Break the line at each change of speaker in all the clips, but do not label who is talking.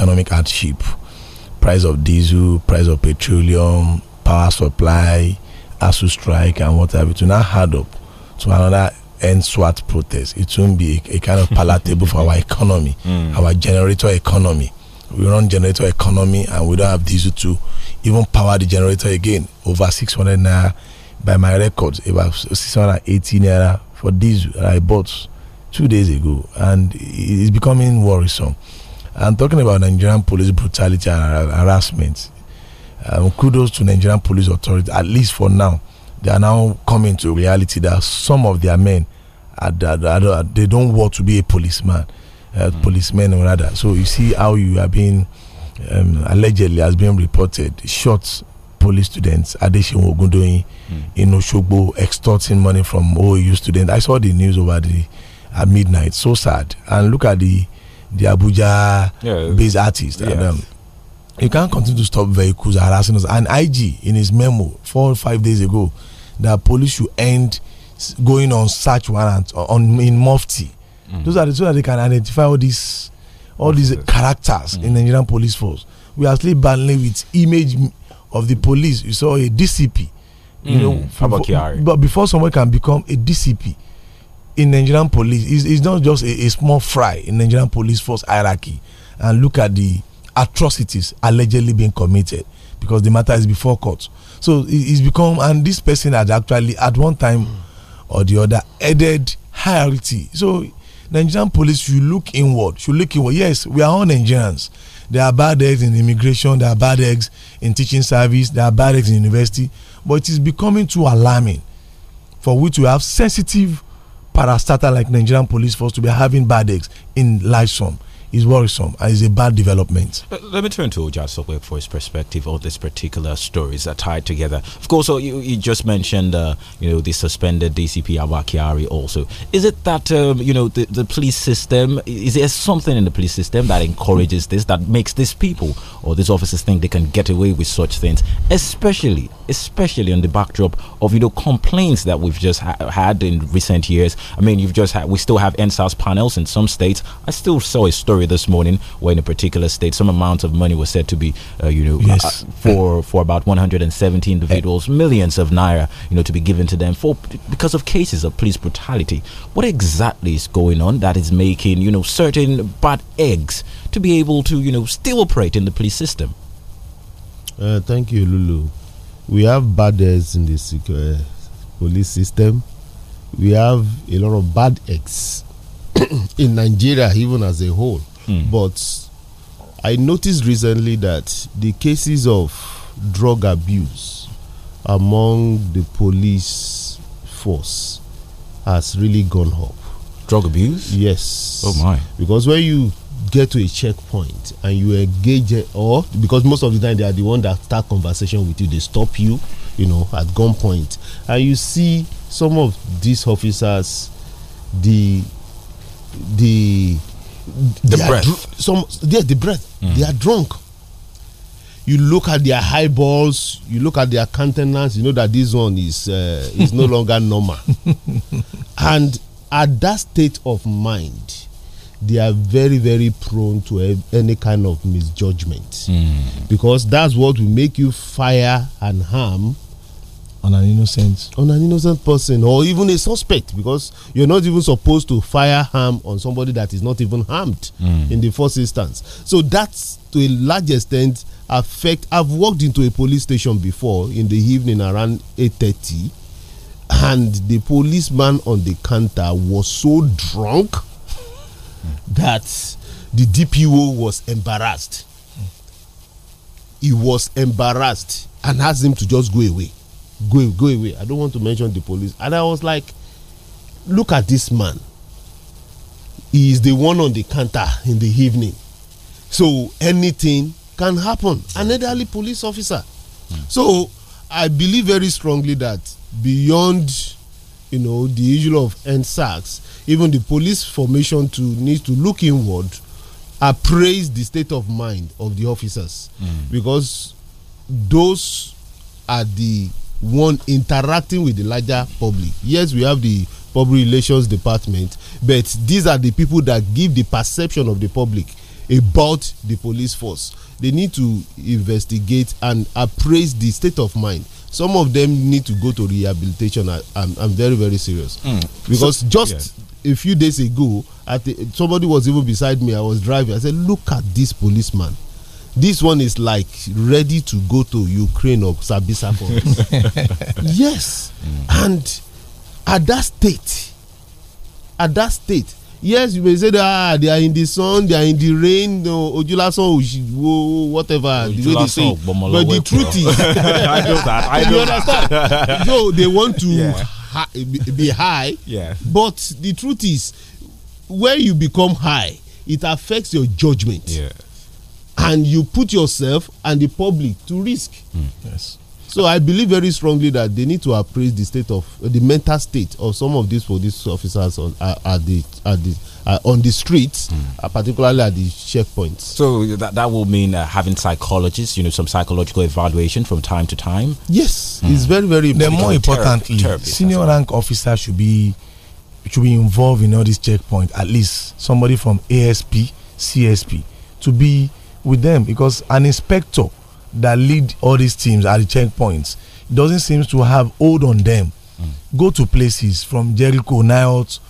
economic hardship, price of diesel, price of petroleum, power supply, ASU strike, and what have you, to now add up to another end SWAT protest. It won't be a, a kind of palatable for our economy, mm. our generator economy. We run generator economy and we don't have diesel to even power the generator again. Over 600 naira by my records, about 680 naira for diesel I bought two days ago, and it's becoming worrisome. I'm talking about Nigerian police brutality and harassment, um, kudos to Nigerian police authority. At least for now, they are now coming to reality that some of their men are, are, are, they don't want to be a policeman, uh, mm. policemen rather. So you see how you are being um, allegedly has been reported shot police students Adeshin Ogundoyin mm. in Oshobo extorting money from OAU students. I saw the news over the at midnight. So sad. And look at the the Abuja yeah. based artists. Yes. And, um, you can't continue to stop vehicles harassing us. And IG, in his memo four or five days ago, that police should end going on search warrants uh, on in Mufti. Mm. Those are the so that they can identify all these all these characters mm. in the Nigerian police force. We are still battling with image of the police. You saw a DCP.
You mm. know, before,
but before someone can become a DCP, in Nigerian police it's, not just a, a, small fry in Nigerian police force hierarchy and look at the atrocities allegedly being committed because the matter is before court so it, it's become and this person had actually at one time or the other added hierarchy so Nigerian police should look inward should look inward yes we are all Nigerians there are bad eggs in immigration there are bad eggs in teaching service there are bad eggs in university but it is becoming too alarming for which we have sensitive parastatal like Nigerian police force to be having bad eggs in Lysom is worrisome and is a bad development.
Uh, let me turn to Ojasokwe for his perspective on this particular stories that tied together. Of course, uh, you, you just mentioned uh, you know the suspended DCP Awakiari also. Is it that um, you know the, the police system? Is there something in the police system that encourages this, that makes these people or these officers think they can get away with such things, especially especially on the backdrop of you know complaints that we've just ha had in recent years. I mean, you've just had we still have NSAS panels in some states. I still saw a story this morning where in a particular state some amount of money was said to be uh, you know yes. uh, for for about 170 individuals, millions of naira you know to be given to them for because of cases of police brutality. What exactly is going on that is making you know certain bad eggs to be able to, you know, still operate in the police system?
Uh, thank you, Lulu. We have bad eggs in the uh, police system. We have a lot of bad eggs in Nigeria, even as a whole. Mm. But I noticed recently that the cases of drug abuse among the police force has really gone up. Drug abuse? Yes. Oh my. Because when you get to a checkpoint and you engage or because most of the time they are the one that start conversation with you they stop you you know at gunpoint and you see some of these officers the the the breath some yeah the breath mm. they are drunk you look at their balls. you look at their countenance you know that this one is uh, is no longer normal and at that state of mind they are very very prone to any kind of misjudgment mm. because that's what will make you fire and harm on an innocent on an innocent person or even a suspect because you're not even supposed to fire harm on somebody that is not even harmed mm. in the first instance so that's to a large extent affect i've walked into a police station before in the evening around 8.30 and the policeman on the counter was so drunk that the DPO was embarrassed. He was embarrassed and asked him to just go away. Go, go away. I don't want to mention the police. And I was like, look at this man. He is the one on the counter in the evening. So anything can happen. An elderly police officer. Hmm. So I believe very strongly that beyond you know the issue of NSACs, even the police formation to need to look inward, appraise the state of mind of the officers, mm. because those are the one interacting with the larger public. Yes, we have the public relations department, but these are the people that give the perception of the public about the police force. They need to investigate and appraise the state of mind some of them need to go to rehabilitation I, am I'm, I'm very very serious mm. because so, just yeah. a few days ago at the, somebody was even beside me i was driving i said look at this policeman this one is like ready to go to ukraine or sabisa for yes mm. and at that state at that state yes you may say that, ah they are in the sun they are in the rain no ojulasan ojiwo whatever the way they say but the truth is
i know that i know so
they want to yeah. hi, eh, be high yeah. but the truth is where you become high it affects your judgment yeah. and you put yourself and the public to risk
mm. yes
so i believe very strongly that they need to appraise the state of uh, the mental state of some of these police officers on uh,
at the at the uh, on the streets mm. particularly at the checkpoints so that, that will mean uh, having psychologists you know some psychological evaluation from time to time yes mm. it's very very important the more importantly
senior well. rank officer should be should be involved in all these checkpoints at least somebody from asp csp to be with them because an inspector that lead all these teams at the checkpoints doesn't seem to have hold on them. Mm. Go to places from Jericho Niles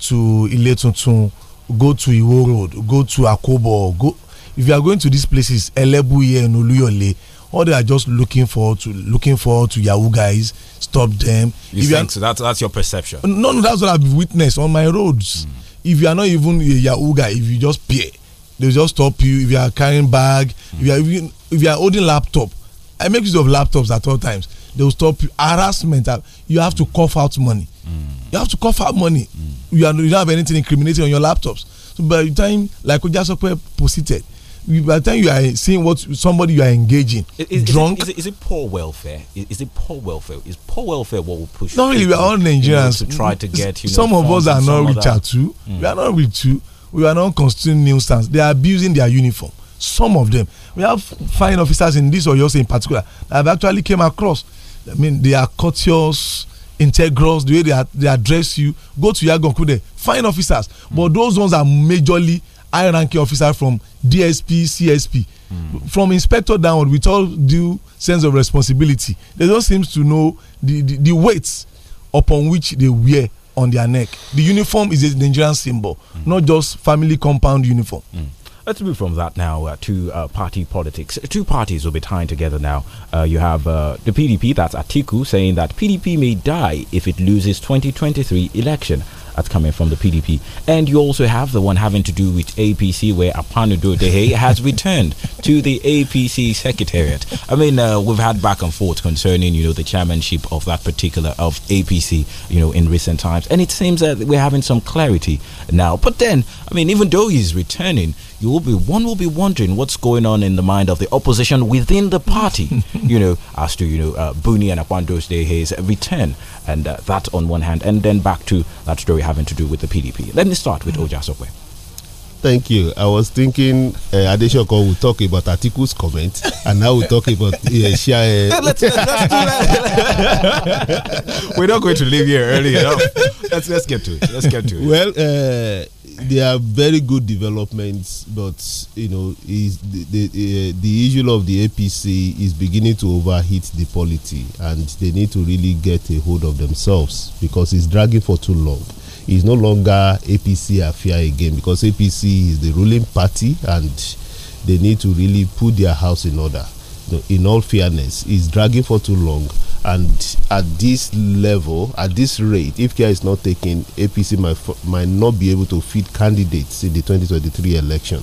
to Iletuntun, go to Iwo Road, go to Akobo. Go if you are going to these places, Elebuye and Oluyole, all they are just looking forward to looking forward to Yahoo guys, stop them. You if think you are,
so? That's that's your perception.
No, no, that's what I've witnessed on my roads. Mm. If you are not even a Yahoo guy, if you just peer they just stop you if you are carrying bag mm. if you are if you are holding laptop i make use of laptops at all times they will stop you harassment uh, you have to cough out money mm. you have to cough out money mm. you, are, you don't have anything incriminating on your laptops so by the time like ojasope posited by the time you are seeing what somebody you are engaging is, drunk
is it, is, it, is it poor welfare is, is, it poor welfare is poor welfare what will push not really we are all nigerians to try to mm. get you know, some of us are not rich at all we
are mm. not rich too we are not constituting new stands they are abusing their uniform some of them we have fine officers in this or yours in particular that have actually came across i mean they are courteous integrals the way they, are, they address you go to yagon kude fine officers mm. but those ones are majorly high ranking officers from dsp csp mm. from inspector downward with all due sense of responsibility they don't seem to know the the, the weight upon which they wear on their neck. The uniform is a
Nigerian symbol, mm. not just family compound uniform. Mm. Let's move from that now uh, to uh, party politics. Two parties will be tying together now. Uh, you have uh, the PDP, that's Atiku, saying that PDP may die if it loses 2023 election. That's coming from the PDP. And you also have the one having to do with APC, where Apanudo Dehe has returned to the APC secretariat. I mean, uh, we've had back and forth concerning, you know, the chairmanship of that particular of APC, you know, in recent times, and it seems that we're having some clarity now. But then, I mean, even though he's returning, you will be one will be wondering what's going on in the mind of the opposition within the party. you know, as to you know uh, Buni and Akwando's day his return, and uh, that on one hand, and then back to that story having to do with the PDP. Let me start with mm-hmm. Oja Software.
Thank you. I was thinking uh, eh, we will talk about Atiku's comment, and now we'll talk about yeah, Shia. Uh, let's, let's,
We're not going to leave here early enough. Let's let's get to it. Let's get to it. Well, uh,
there are very good developments, but you know, is the the, uh, the issue of the APC is beginning to overheat the polity, and they need to really get a hold of themselves because it's dragging for too long is no longer APC affair again because APC is the ruling party and they need to really put their house in order. In all fairness, it's dragging for too long. And at this level, at this rate, if care is not taken, APC might, might not be able to feed candidates in the 2023 election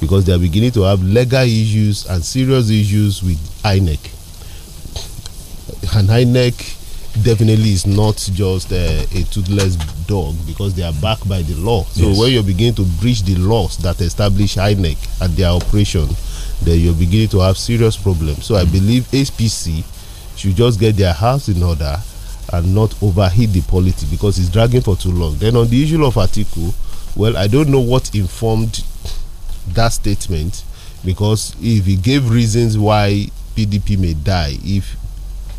because they are beginning to have legal issues and serious issues with INEC. And INEC definitely is not just uh, a toothless dog because they are backed by the law. So yes. when you begin to breach the laws that establish INEC at their operation, then you're beginning to have serious problems. So I believe HPC should just get their house in order and not overheat the polity because it's dragging for too long. Then on the issue of Atiku, well, I don't know what informed that statement because if he gave reasons why PDP may die if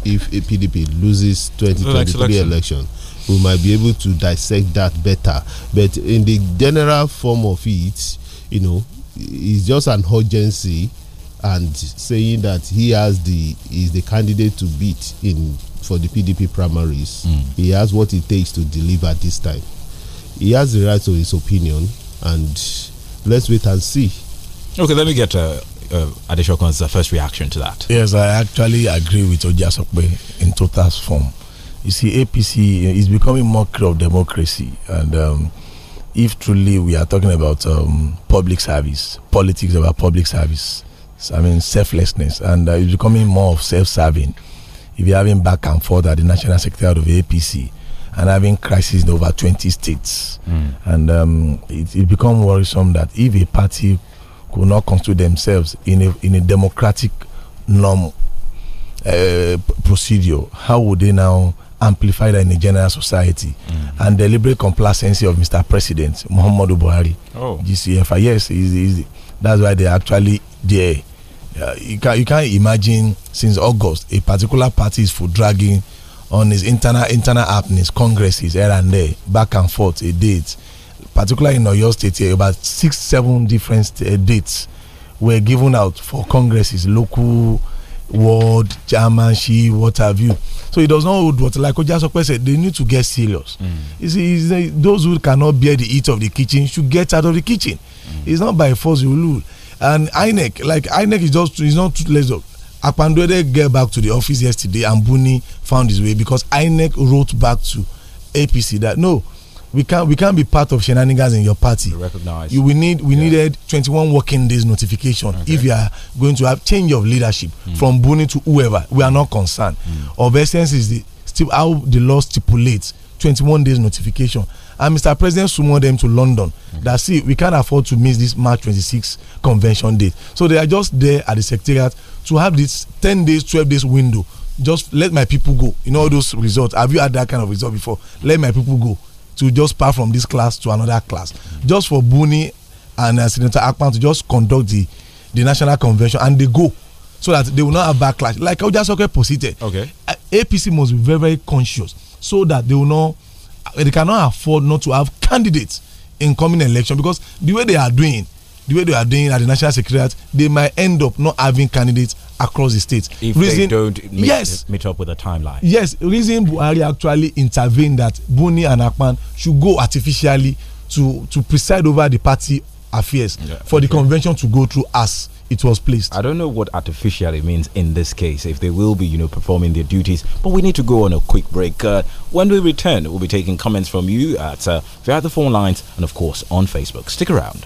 if a PDP loses 2023 election. election, we might be able to dissect that better. But in the general form of it, you know, it's just an urgency and saying that he has the is the candidate to beat in for the PDP primaries. Mm. He has what it takes to deliver this time. He has the right to his opinion, and let's wait and see.
Okay, let me get a uh, uh, Adeshokan's uh, first reaction to that?
Yes, I actually agree with Ojasope in total form. You see, APC is becoming mockery of democracy, and um, if truly we are talking about um, public service, politics about public service, I mean selflessness, and uh, it's becoming more of self-serving. If you're having back and forth at the national sector of APC, and having crisis in over 20 states. Mm. And um, it, it becomes worrisome that if a party could not constitute themselves in a, in a democratic norm uh, procedure, how would they now amplify that in a general society? Mm. And the liberal complacency of Mr. President Muhammadu Buhari, oh. GCFI. Ah, yes, he's, he's, that's why they're actually there. Uh, you, can, you can't imagine since August a particular party is for dragging on his internal internal happenings, congresses here and there, back and forth, a date particularly in Oyo State here, about six, seven different uh, dates were given out for congresses, local, world, she, what have you. So it does not hold water. Like Ojasope said, they need to get serious. Mm. You see, those who cannot bear the heat of the kitchen should get out of the kitchen. Mm. It's not by force you lose. And INEC, like INEC is just, is not toothless. Akpandwede get back to the office yesterday and Buni found his way because INEC wrote back to APC that no, we can't we can't be part of shenanigans in your party. Recognize. You we need we yeah. needed 21 working days notification okay. if you are going to have change of leadership mm. from Buni to whoever. We are not concerned. Mm. Of essence is the still how the law stipulates 21 days notification. And Mr. President summoned them to London. Mm. That see we can't afford to miss this March 26 convention date. So they are just there at the secretariat to have this 10 days, 12 days window. Just let my people go. You know those results. Have you had that kind of result before? Let my people go to just pass from this class to another class just for Buni and uh, Senator Akpan to just conduct the the national convention and they go so that they will not have backlash like Ojasoke posited. Okay. Uh, APC must be very very conscious so that they will not uh, they cannot afford not to have candidates in coming election because the way they are doing the way they are doing at the national secretariat they might end up not having candidates across the state. If reason, they don't meet, yes,
meet up with a timeline.
Yes, reason Buhari actually intervened that Buni and Akpan should go artificially to to preside over the party affairs yeah, for the convention to go through as it was
placed. I don't know what artificially means in this case, if they will be, you know, performing their duties. But we need to go on a quick break. Uh, when we return, we'll be taking comments from you at uh, via the phone lines and, of course, on Facebook. Stick around.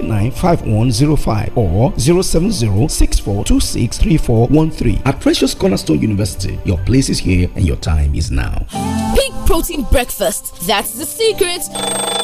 395105 or 070 At Precious Cornerstone University, your place is here and your time is now.
Pig protein breakfast. That's the secret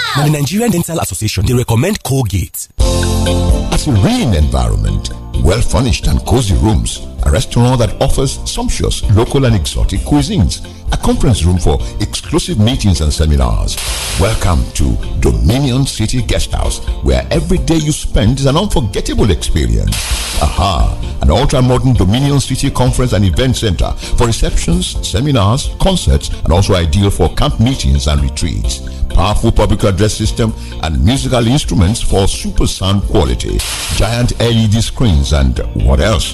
Now, the Nigerian Dental Association, they recommend Colgate. As a serene environment, well furnished and cozy rooms a restaurant that offers sumptuous local and exotic cuisines, a conference room for exclusive meetings and seminars. Welcome to Dominion City Guesthouse, where every day you spend is an unforgettable experience. Aha, an ultra-modern Dominion City Conference and Event Center for receptions, seminars, concerts, and also ideal for camp meetings and retreats. Powerful public address system and musical instruments for super sound quality. Giant LED screens and what else?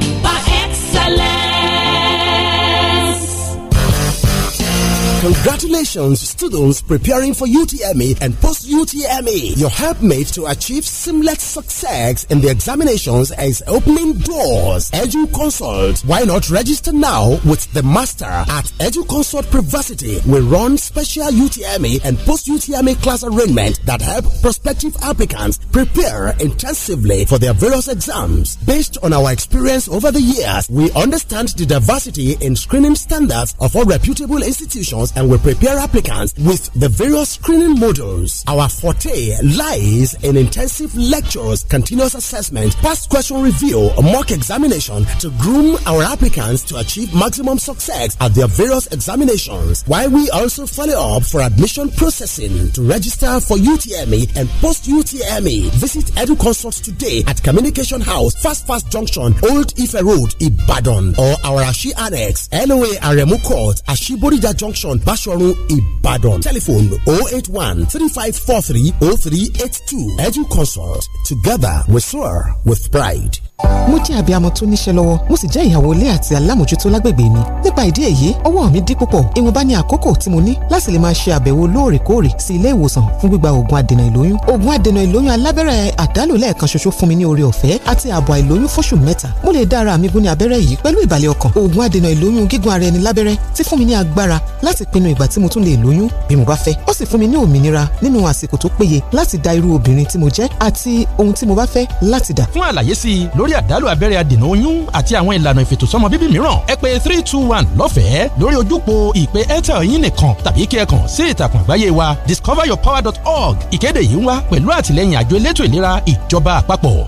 Congratulations, students preparing for UTME and post UTME. Your helpmate to achieve seamless success in the examinations is opening doors. EduConsult. Why not register now with the master at EduConsult Consult Privacy? We run special UTME and post UTME class arrangement that help prospective applicants prepare intensively for their various exams. Based on our experience over the years, we understand the diversity in screening standards of all reputable institutions and we prepare applicants with the various screening modules. Our forte lies in intensive lectures, continuous assessment, past question review, mock examination to groom our applicants to achieve maximum success at their various examinations. While we also follow up for admission processing to register for UTME and post UTME, visit EduConsult today at Communication House, Fast Fast Junction, Old Ife Road, Ibadan, or our Ashi Annex, Noa Aremu Court, Ashibodija Junction, Basharun Ibadan. Telephone 081 3543 0382. Edu Consult. Together we soar with pride mo jẹ́
abiyamọ tó níṣẹ́ lọ́wọ́ mo sì jẹ́ ìyàwó ilé àti alámòjútó lágbègbè mi nípa ìdí èyí ọwọ́ mi dí púpọ̀ ìwọ̀nba ni àkókò tí mo ní láti lè máa ṣe àbẹ̀wò lóòrèkóòrè sí ilé ìwòsàn fún gbígba oògùn adènà ìlóyún oògùn adènà ìlóyún alábẹ́rẹ́ àdálò lẹ́ẹ̀kan ṣoṣo fún mi ní oore ọ̀fẹ́ àti ààbò àìlóyún fóṣù mẹ́ta mo lè dá mi gún ní abẹ́rẹ́ yìí pẹ̀lú ìbàlẹ̀ ọkàn oògùn adènà ìlóyún gígùn ara ẹni lábẹ́rẹ́ ti fún mi ní agbára láti pinnu ìgbà tí mo tún lè lóyún bí mo bá fẹ́ ó sì fún mi ní òmìnira nínú àsìkò tó péye láti dá irú obìnrin tí mo jẹ́ àti ohun tí mo bá fẹ́ láti dà. fún
àlàyé sí i lórí lórí àdálù abẹ́rẹ́ adènà oyún àti àwọn ìlànà ìfètòsọ́mọ bíbí mìíràn ẹ pè three two one lọ́fẹ̀ẹ́ lórí ojúpo ìpè airtel yín nìkan tàbí kí ẹ kàn sí ìtàkùn àgbáyé wa discoveryourpower.org ìkéde yìí ń wá pẹ̀lú àtìlẹ́yìn àjọ elétò ìlera ìjọba àpapọ̀.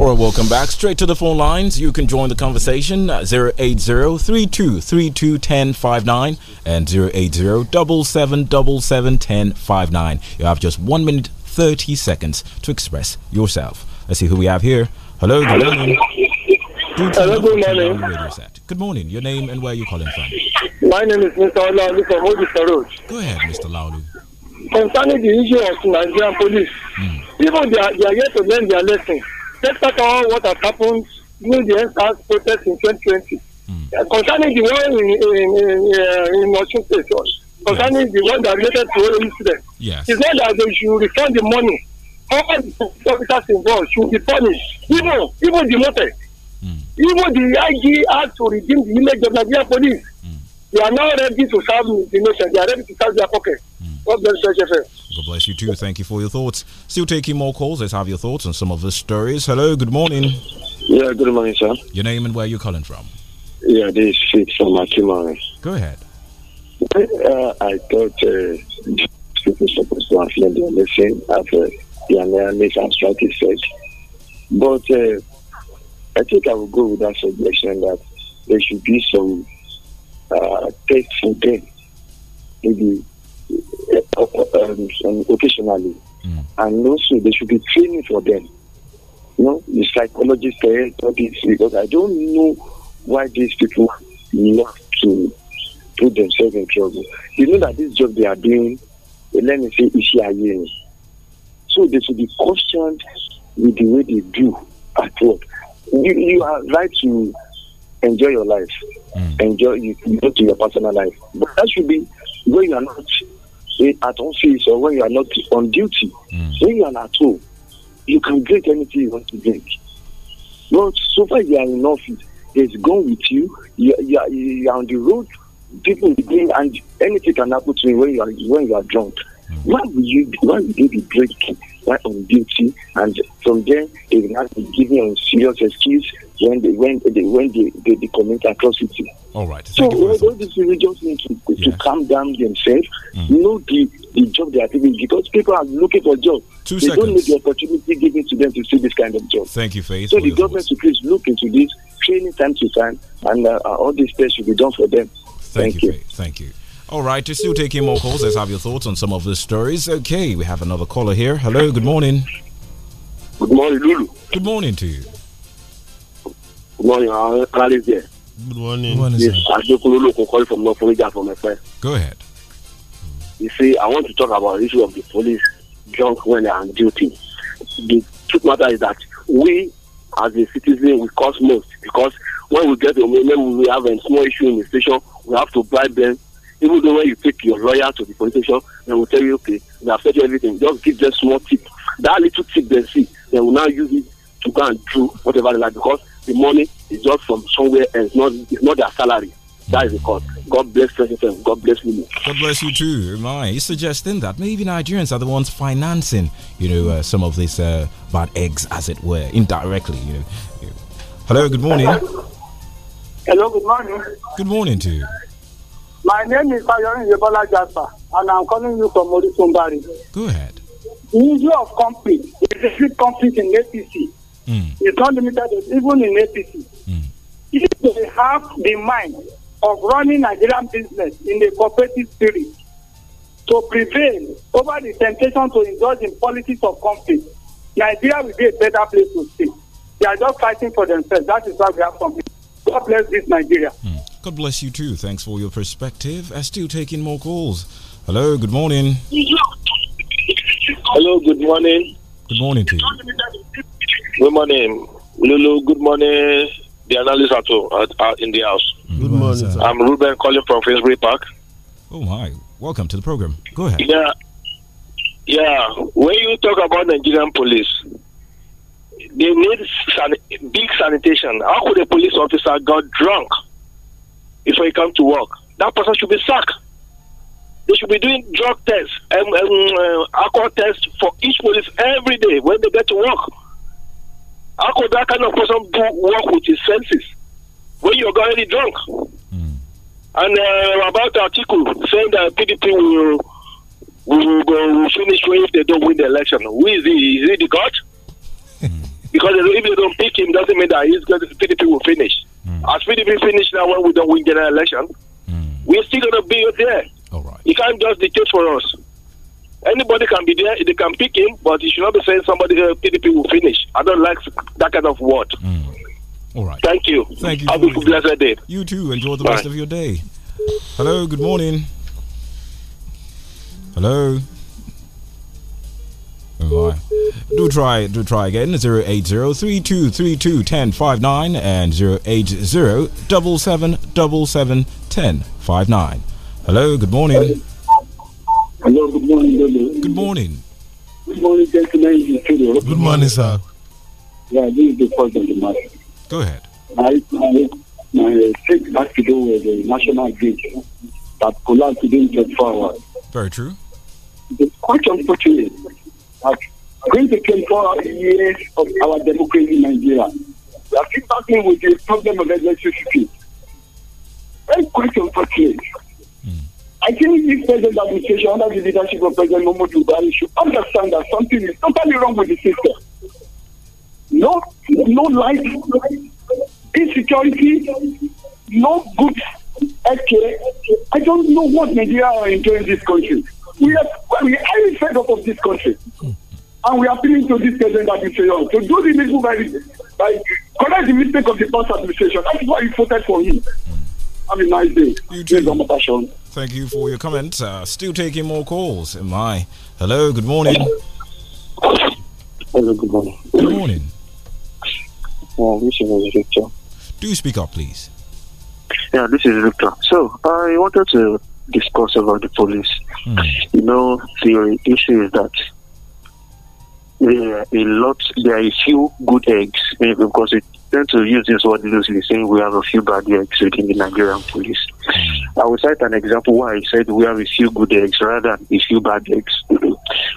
Or welcome back straight to the phone lines. You can join the conversation 080-3232-1059 and 080-777-1059. You have just one minute 30 seconds to express yourself. Let's see who we have here. Hello, good morning.
Good Hello, good morning.
Radio set. Good morning. Your name and where you calling from? My name is Mr. Olaolu from Odisa Road. Go ahead, Mr. Olaolu. Concerning the issue of Nigerian police,
mm. people they are, they are yet to learn their lesson. Let's talk about what has happened during the NSAS protest in 2020. Mm. Uh, concerning the one in, in, in, uh, in Washington, concerning yeah. the one that related to the incident. Yes. It's not that they should refund the money. All the officers involved should be punished. Even even demoted. Mm. Even the IG had to redeem the image of Nigeria police. Mm. They are now ready to serve the nation. They are ready to serve their pocket. Hmm. God bless HFM.
God bless you too. Thank you for your thoughts. Still taking more calls. Let's have your thoughts on some of the stories. Hello, good morning. Yeah, good morning, sir. Your name and where you're calling from?
Yeah, this is from Akimari. Go ahead. Eh, I thought uh, eh, people supposed to have learned their lesson after the analysis eh, and said. But uh, I think I will go with that suggestion that there should be some uh, test for them, maybe uh, um, occasionally. Mm. And also, there should be training for them. You know, the psychologists, because I don't know why these people love to put themselves in trouble. You know that this job they are doing, eh, let me say, is here So they should be cautioned with the way they do at work. You, you are right to enjoy your life, mm. enjoy you, you go to your personal life, but that should be when you are not eh, at office or when you are not on duty. Mm. When you are at home, you can drink anything you want to drink. But so far you are in office, it's gone with you. You, you, are, you are on the road people will drink and anything can happen to you when you are when you are drunk. Mm. Why would you why would you be drinking while on duty and from there they will not be giving a serious excuse when they when they when they, they, they commit atrocity. All right. so all, these people just need to, to yes. calm down themselves, mm. know the, the job they are taking because people are looking for jobs. Two they seconds. don't need the opportunity given to them to see this kind of job. Thank you, Faith. So the government should please look into this, training time to time, and uh, all this things should be done for them
Thank, you, Thank you.
All to you're still taking more calls. Let's have your thoughts on some of the stories. Okay, we have another caller here. Hello, good morning. Good morning, Lulu. Good morning to you.
Good morning, uh, Alice here. Good morning. Good morning yes, Adekunle Lokun from my friend. Go ahead. You see, I want to talk about the issue of the police drunk when they are on duty. The truth matter is that we, as a citizen, we cost most because when we get the when we have a small issue in the station, we have to bribe them. Even though when you take your lawyer to the politician, they will tell you, okay, they have said everything. Just give them small tip. That little tip they see, they will now use it to go and do whatever they like because the money is just from somewhere and it's not, it's not their salary. That is the cause. God bless President. God bless me.
God bless you too. My, are suggesting that maybe Nigerians are the ones financing, you know, uh, some of these uh, bad eggs, as it were, indirectly. You know. Hello. Good morning. Hello, good morning. Good morning to you.
My name is Fayorin Yebola Jasper, and I'm calling you from Orisumbari. Go ahead. The issue of conflict, the street conflict in APC, mm. is not limited even in APC. Mm. If they have the mind of running Nigerian business in a cooperative spirit to prevail over the temptation to indulge in politics of conflict, Nigeria will be a better place to stay. They are just fighting for themselves. That is why we have conflict.
God bless this Nigeria. Mm. God bless you too. Thanks for your perspective. i still taking more calls. Hello, good morning. Hello, good morning. Good morning to you. Good morning, Lulu. Good morning, the
analyst
at, at, in the house. Hmm. Good, morning. morning I'm Ruben calling from Finsbury Park.
Oh my! Welcome to the program. Go ahead.
Yeah, yeah. When you talk about Nigerian
police, they need san big sanitation. How could a police officer got drunk before he come to work? That person should be sacked. They should be doing drug tests and um, um, uh, alcohol tests for each police every day when they get to work. How could that kind of person do work with his senses when you're already drunk? Mm. And uh, about the article saying that PDP will, will, will finish if they don't win the election. Who is he? Is he the God? Because if they don't pick him, doesn't mean that he's going to, PDP will finish. Mm. As PDP finish now, when we don't win the election, mm. we're still going to be there. All right. He can't just dictate for us. Anybody can be there, they can pick him, but you should not be saying somebody uh, PDP will finish. I don't like that kind of word. Mm. All right. Thank you. Thank you. Have a blessed day.
You too. Enjoy the Bye. rest of your day. Hello. Good morning. Hello. Do try, do try again. Zero eight zero three two three two ten five nine and zero eight zero double seven double seven ten five nine. Hello, good morning. Hello, good morning, Good morning. Good morning, gentlemen.
Good morning, sir. Yeah, this is the first of the month. Go ahead. my, my take has to do with the national grid that collapsed within 24 forward. Very true. It's quite unfortunate have going to
24 years of our democracy in Nigeria. We are still battling with the problem of electricity. That's quite unfortunate.
Mm. I
think this president, administration, under the leadership of President Momodu Buhari, should understand that something is totally wrong with the system. No, no life, insecurity, no good Okay, I don't know what Nigeria are enjoying this country we are, we are in fed up of this country. And we are appealing to this present administration to do the needful by, by correct the mistake of the past administration. That's why you voted for him. Have a nice day. You too.
Thank you for your comment. Uh, still taking more calls. Am I? Hello, good morning.
Hello, good morning. Good morning. Well, uh, this is Victor.
Do speak up, please.
Yeah, this is Victor. So, I wanted to discourse about the police. Mm. You know, the issue is that there uh, are a lot, there are a few good eggs because it tend to use this word loosely, saying we have a few bad eggs within the Nigerian police. Hmm. I will cite an example why I said we have a few good eggs rather than a few bad eggs.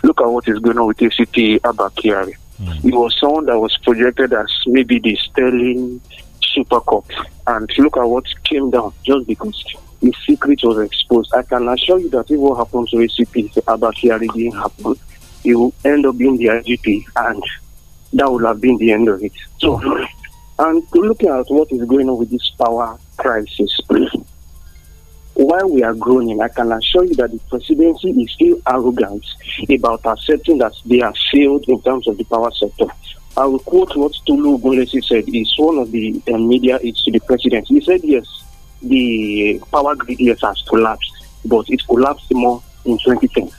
Look at what is going on with ACT Abakiari. Mm. It was someone that was projected as maybe the Sterling Super cop, And look at what came down just because the secret was exposed. I can assure you that if what happens to ACP Abakiari didn't happen, he will end up being the IGP, and that would have been the end of it. So, and looking at what is going on with this power crisis, while we are groaning, I can assure you that the presidency is still arrogant about accepting that they have failed in terms of the power sector. I will quote what Tulu Gulesi said. He's one of the uh, media aides to the president. He said, yes, the power grid yes has collapsed, but it collapsed more in 2010.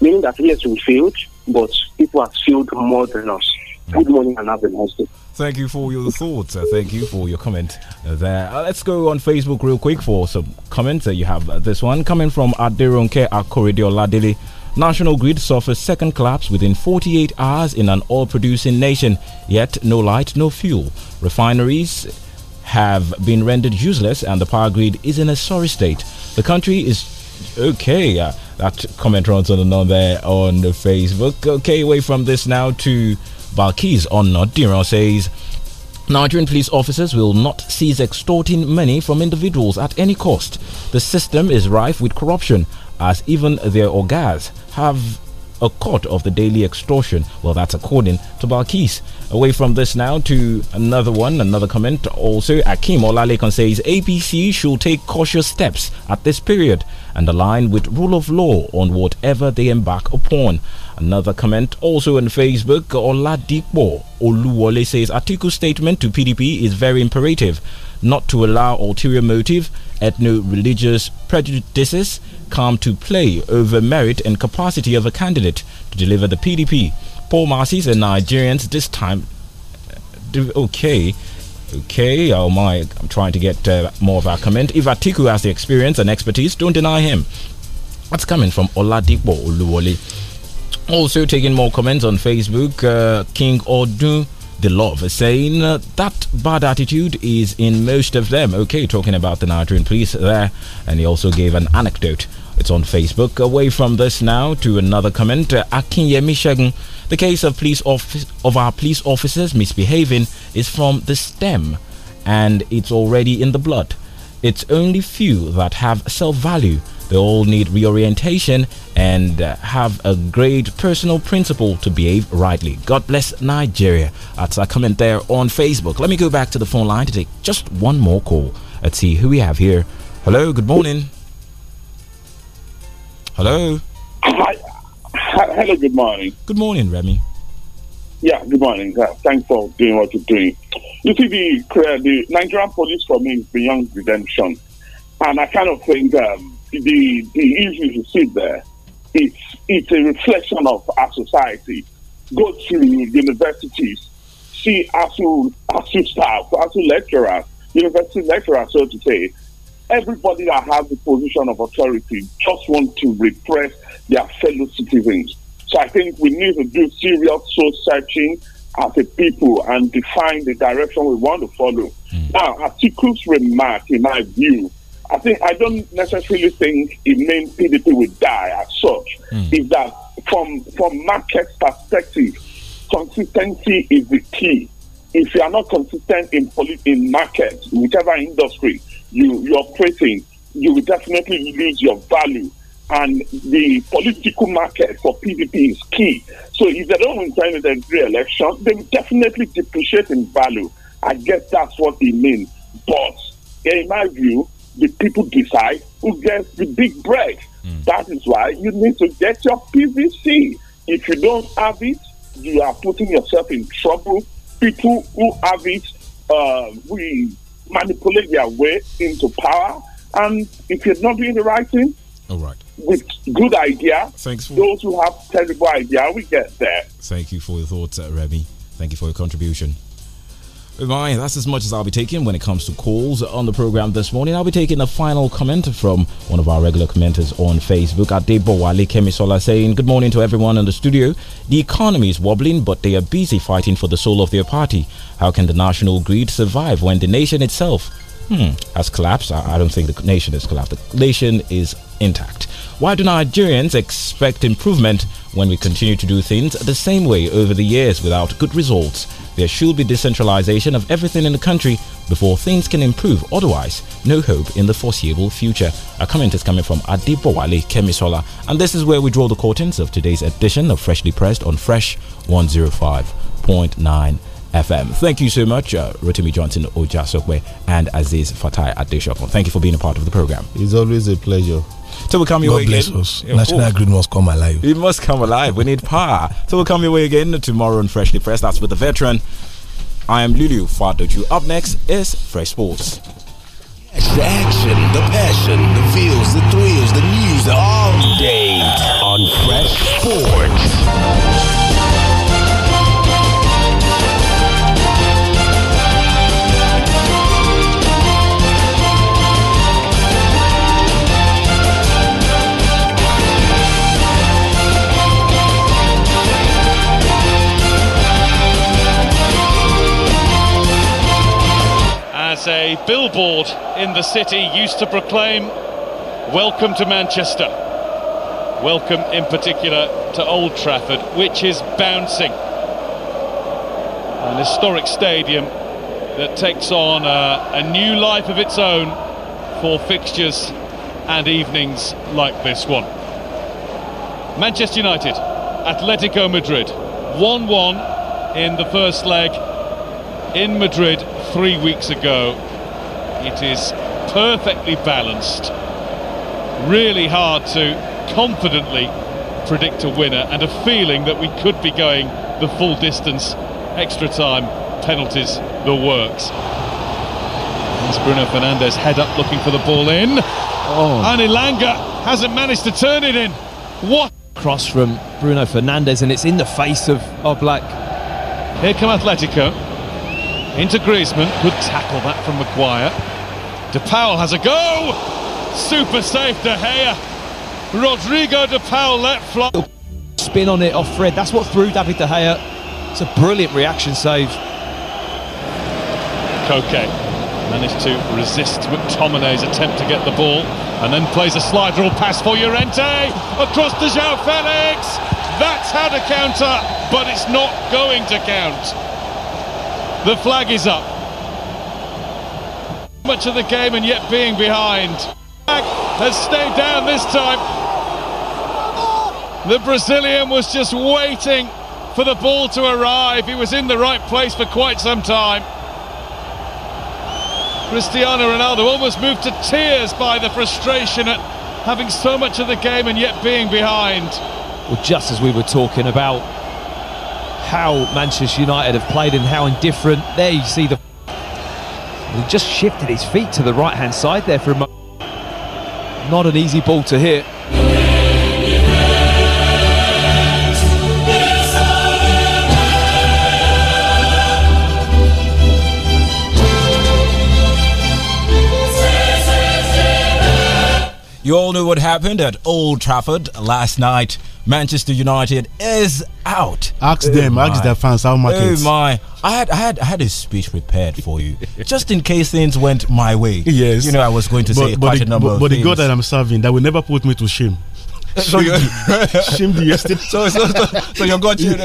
Meaning that yes, we failed, but people have failed more
than us.
Good morning and have a nice day. Thank you for your thoughts. Uh, thank you for your comment uh, there. Uh, let's go on Facebook real quick for some comments. Uh, you have uh, this one coming from Adironke Akoridio Ladili. National grid suffers second collapse within 48 hours in an oil producing nation, yet no light, no fuel. Refineries have been rendered useless and the power grid is in a sorry state. The country is okay. Uh, that comment runs on and on there on the Facebook. Okay, away from this now to Balkis on Nodiran says. Nigerian police officers will not cease extorting money from individuals at any cost. The system is rife with corruption, as even their orgas have a court of the daily extortion. Well, that's according to Balkis. Away from this now to another one, another comment. Also, Akim Olalekan says APC should take cautious steps at this period and align with rule of law on whatever they embark upon. Another comment also on Facebook, Oladipo Oluwole says Article statement to PDP is very imperative not to allow ulterior motive ethno-religious prejudices come to play over merit and capacity of a candidate to deliver the PDP. Poor masses and Nigerians this time. Uh, okay, okay. Oh my, I'm trying to get uh, more of our comment. If Atiku has the experience and expertise, don't deny him. That's coming from Oladipo Oluwole. Also taking more comments on Facebook. Uh, King Odu the love, saying uh, that bad attitude is in most of them. Okay, talking about the Nigerian police there, and he also gave an anecdote. It's on Facebook. Away from this now to another comment. Uh, Akinyemi Shagun, the case of police office, of our police officers misbehaving is from the stem, and it's already in the blood. It's only few that have self-value they all need reorientation and uh, have a great personal principle to behave rightly. God bless Nigeria. That's our comment there on Facebook. Let me go back to the phone line to take just one more call. Let's see who we have here. Hello, good morning. Hello. Hi.
Hello, good morning. Good morning, Remy. Yeah, good morning. Thanks for doing what you're doing. You see, the, uh, the Nigerian police for me is beyond redemption. And I kind of think um, the the issues you see there, it's it's a reflection of our society. Go to universities, see ASU ASU staff, ASU lecturers, university lecturers, so to say. Everybody that has the position of authority just want to repress their fellow citizens. So I think we need to do serious soul searching as a people and define the direction we want to follow. Mm. Now, Atiku's remark, in my view, I think I don't necessarily think it means PDP will die as such. Mm. Is that from from market perspective, consistency is the key. If you are not consistent in in market, whichever industry you you are creating, you will definitely lose your value. And the political market for PDP is key. So if they don't win the re-election, they will definitely depreciate in value. I guess that's what it means. But in my view, the people decide who gets the big bread. Mm. That is why you need to get your PVC. If you don't have it, you are putting yourself in trouble. People who have it, uh, we manipulate their way into power. And if you're not doing the right thing, all right. With good idea, thanks for those who have terrible idea, we get there.
Thank you for your thoughts, uh, Remy. Thank you for your contribution. Right, that's as much as I'll be taking when it comes to calls on the program this morning. I'll be taking a final comment from one of our regular commenters on Facebook, Adebo Wale Kemisola, saying, Good morning to everyone in the studio. The economy is wobbling, but they are busy fighting for the soul of their party. How can the national greed survive when the nation itself hmm, has collapsed? I, I don't think the nation has collapsed. The nation is intact. Why do Nigerians expect improvement when we continue to do things the same way over the years without good results? There should be decentralization of everything in the country before things can improve. Otherwise, no hope in the foreseeable future. A comment is coming from Adibowale Kemisola, and this is where we draw the curtains of today's edition of Freshly Pressed on Fresh 105.9. FM. Thank you so much, uh, Rotimi Johnson Ojasokwe and Aziz Fatai Adeshokon. Thank you for being a part of the program. It's always a pleasure. So we come your God way bless again. Us. Yeah, National course. grid must come alive. It must come alive. We need power. So we come your way again tomorrow on Freshly pressed. That's with the veteran. I am Lulu you Up next is Fresh Sports.
The action, the passion, the feels, the thrills, the news all day
a billboard in the city used to proclaim, Welcome to Manchester. Welcome in particular to Old Trafford, which is bouncing. An historic stadium that takes on a, uh, a new life of its own for fixtures and evenings like this one. Manchester United, Atletico Madrid, 1 1 in the first leg in Madrid three weeks ago it is perfectly balanced. Really hard to confidently predict a winner and a feeling that we could be going the full distance, extra time, penalties, the works. That's Bruno Fernandes, head up looking for the ball in. Oh. And Ilanga hasn't managed to turn it in. What? Cross from Bruno Fernandes and it's in the face of Oblak. Here come Atletico. Into Griezmann. Good tackle that from Maguire. De has a go. Super safe De Gea. Rodrigo De let fly. Spin on it off Fred. That's what threw David De Gea. It's a brilliant reaction save. Koke managed to resist McTominay's attempt to get the ball and then plays a slider pass for Llorente across to João Felix. That's how to counter, but it's not going to count. The flag is up. Much of the game and yet being behind. Flag has stayed down this time. The Brazilian was just waiting for the ball to arrive. He was in the right place for quite some time. Cristiano Ronaldo almost moved to tears by the frustration at having so much of the game and yet being behind. Well, just as we were talking about how Manchester United have played and how indifferent. There you see the... He just shifted his feet to the right-hand side there for a moment. Not an easy ball to hit.
You all knew what happened at Old Trafford last night. Manchester United is out. Ask oh them, my. ask their fans how much. Oh my! I had, I had, I had a speech prepared for you, just in case things went
my way. Yes, you know I was going to but, say but quite the, a number but, of but things. But the God that I'm serving, that will never put me to shame.
So you shame the yesterday. So, so, so, so you,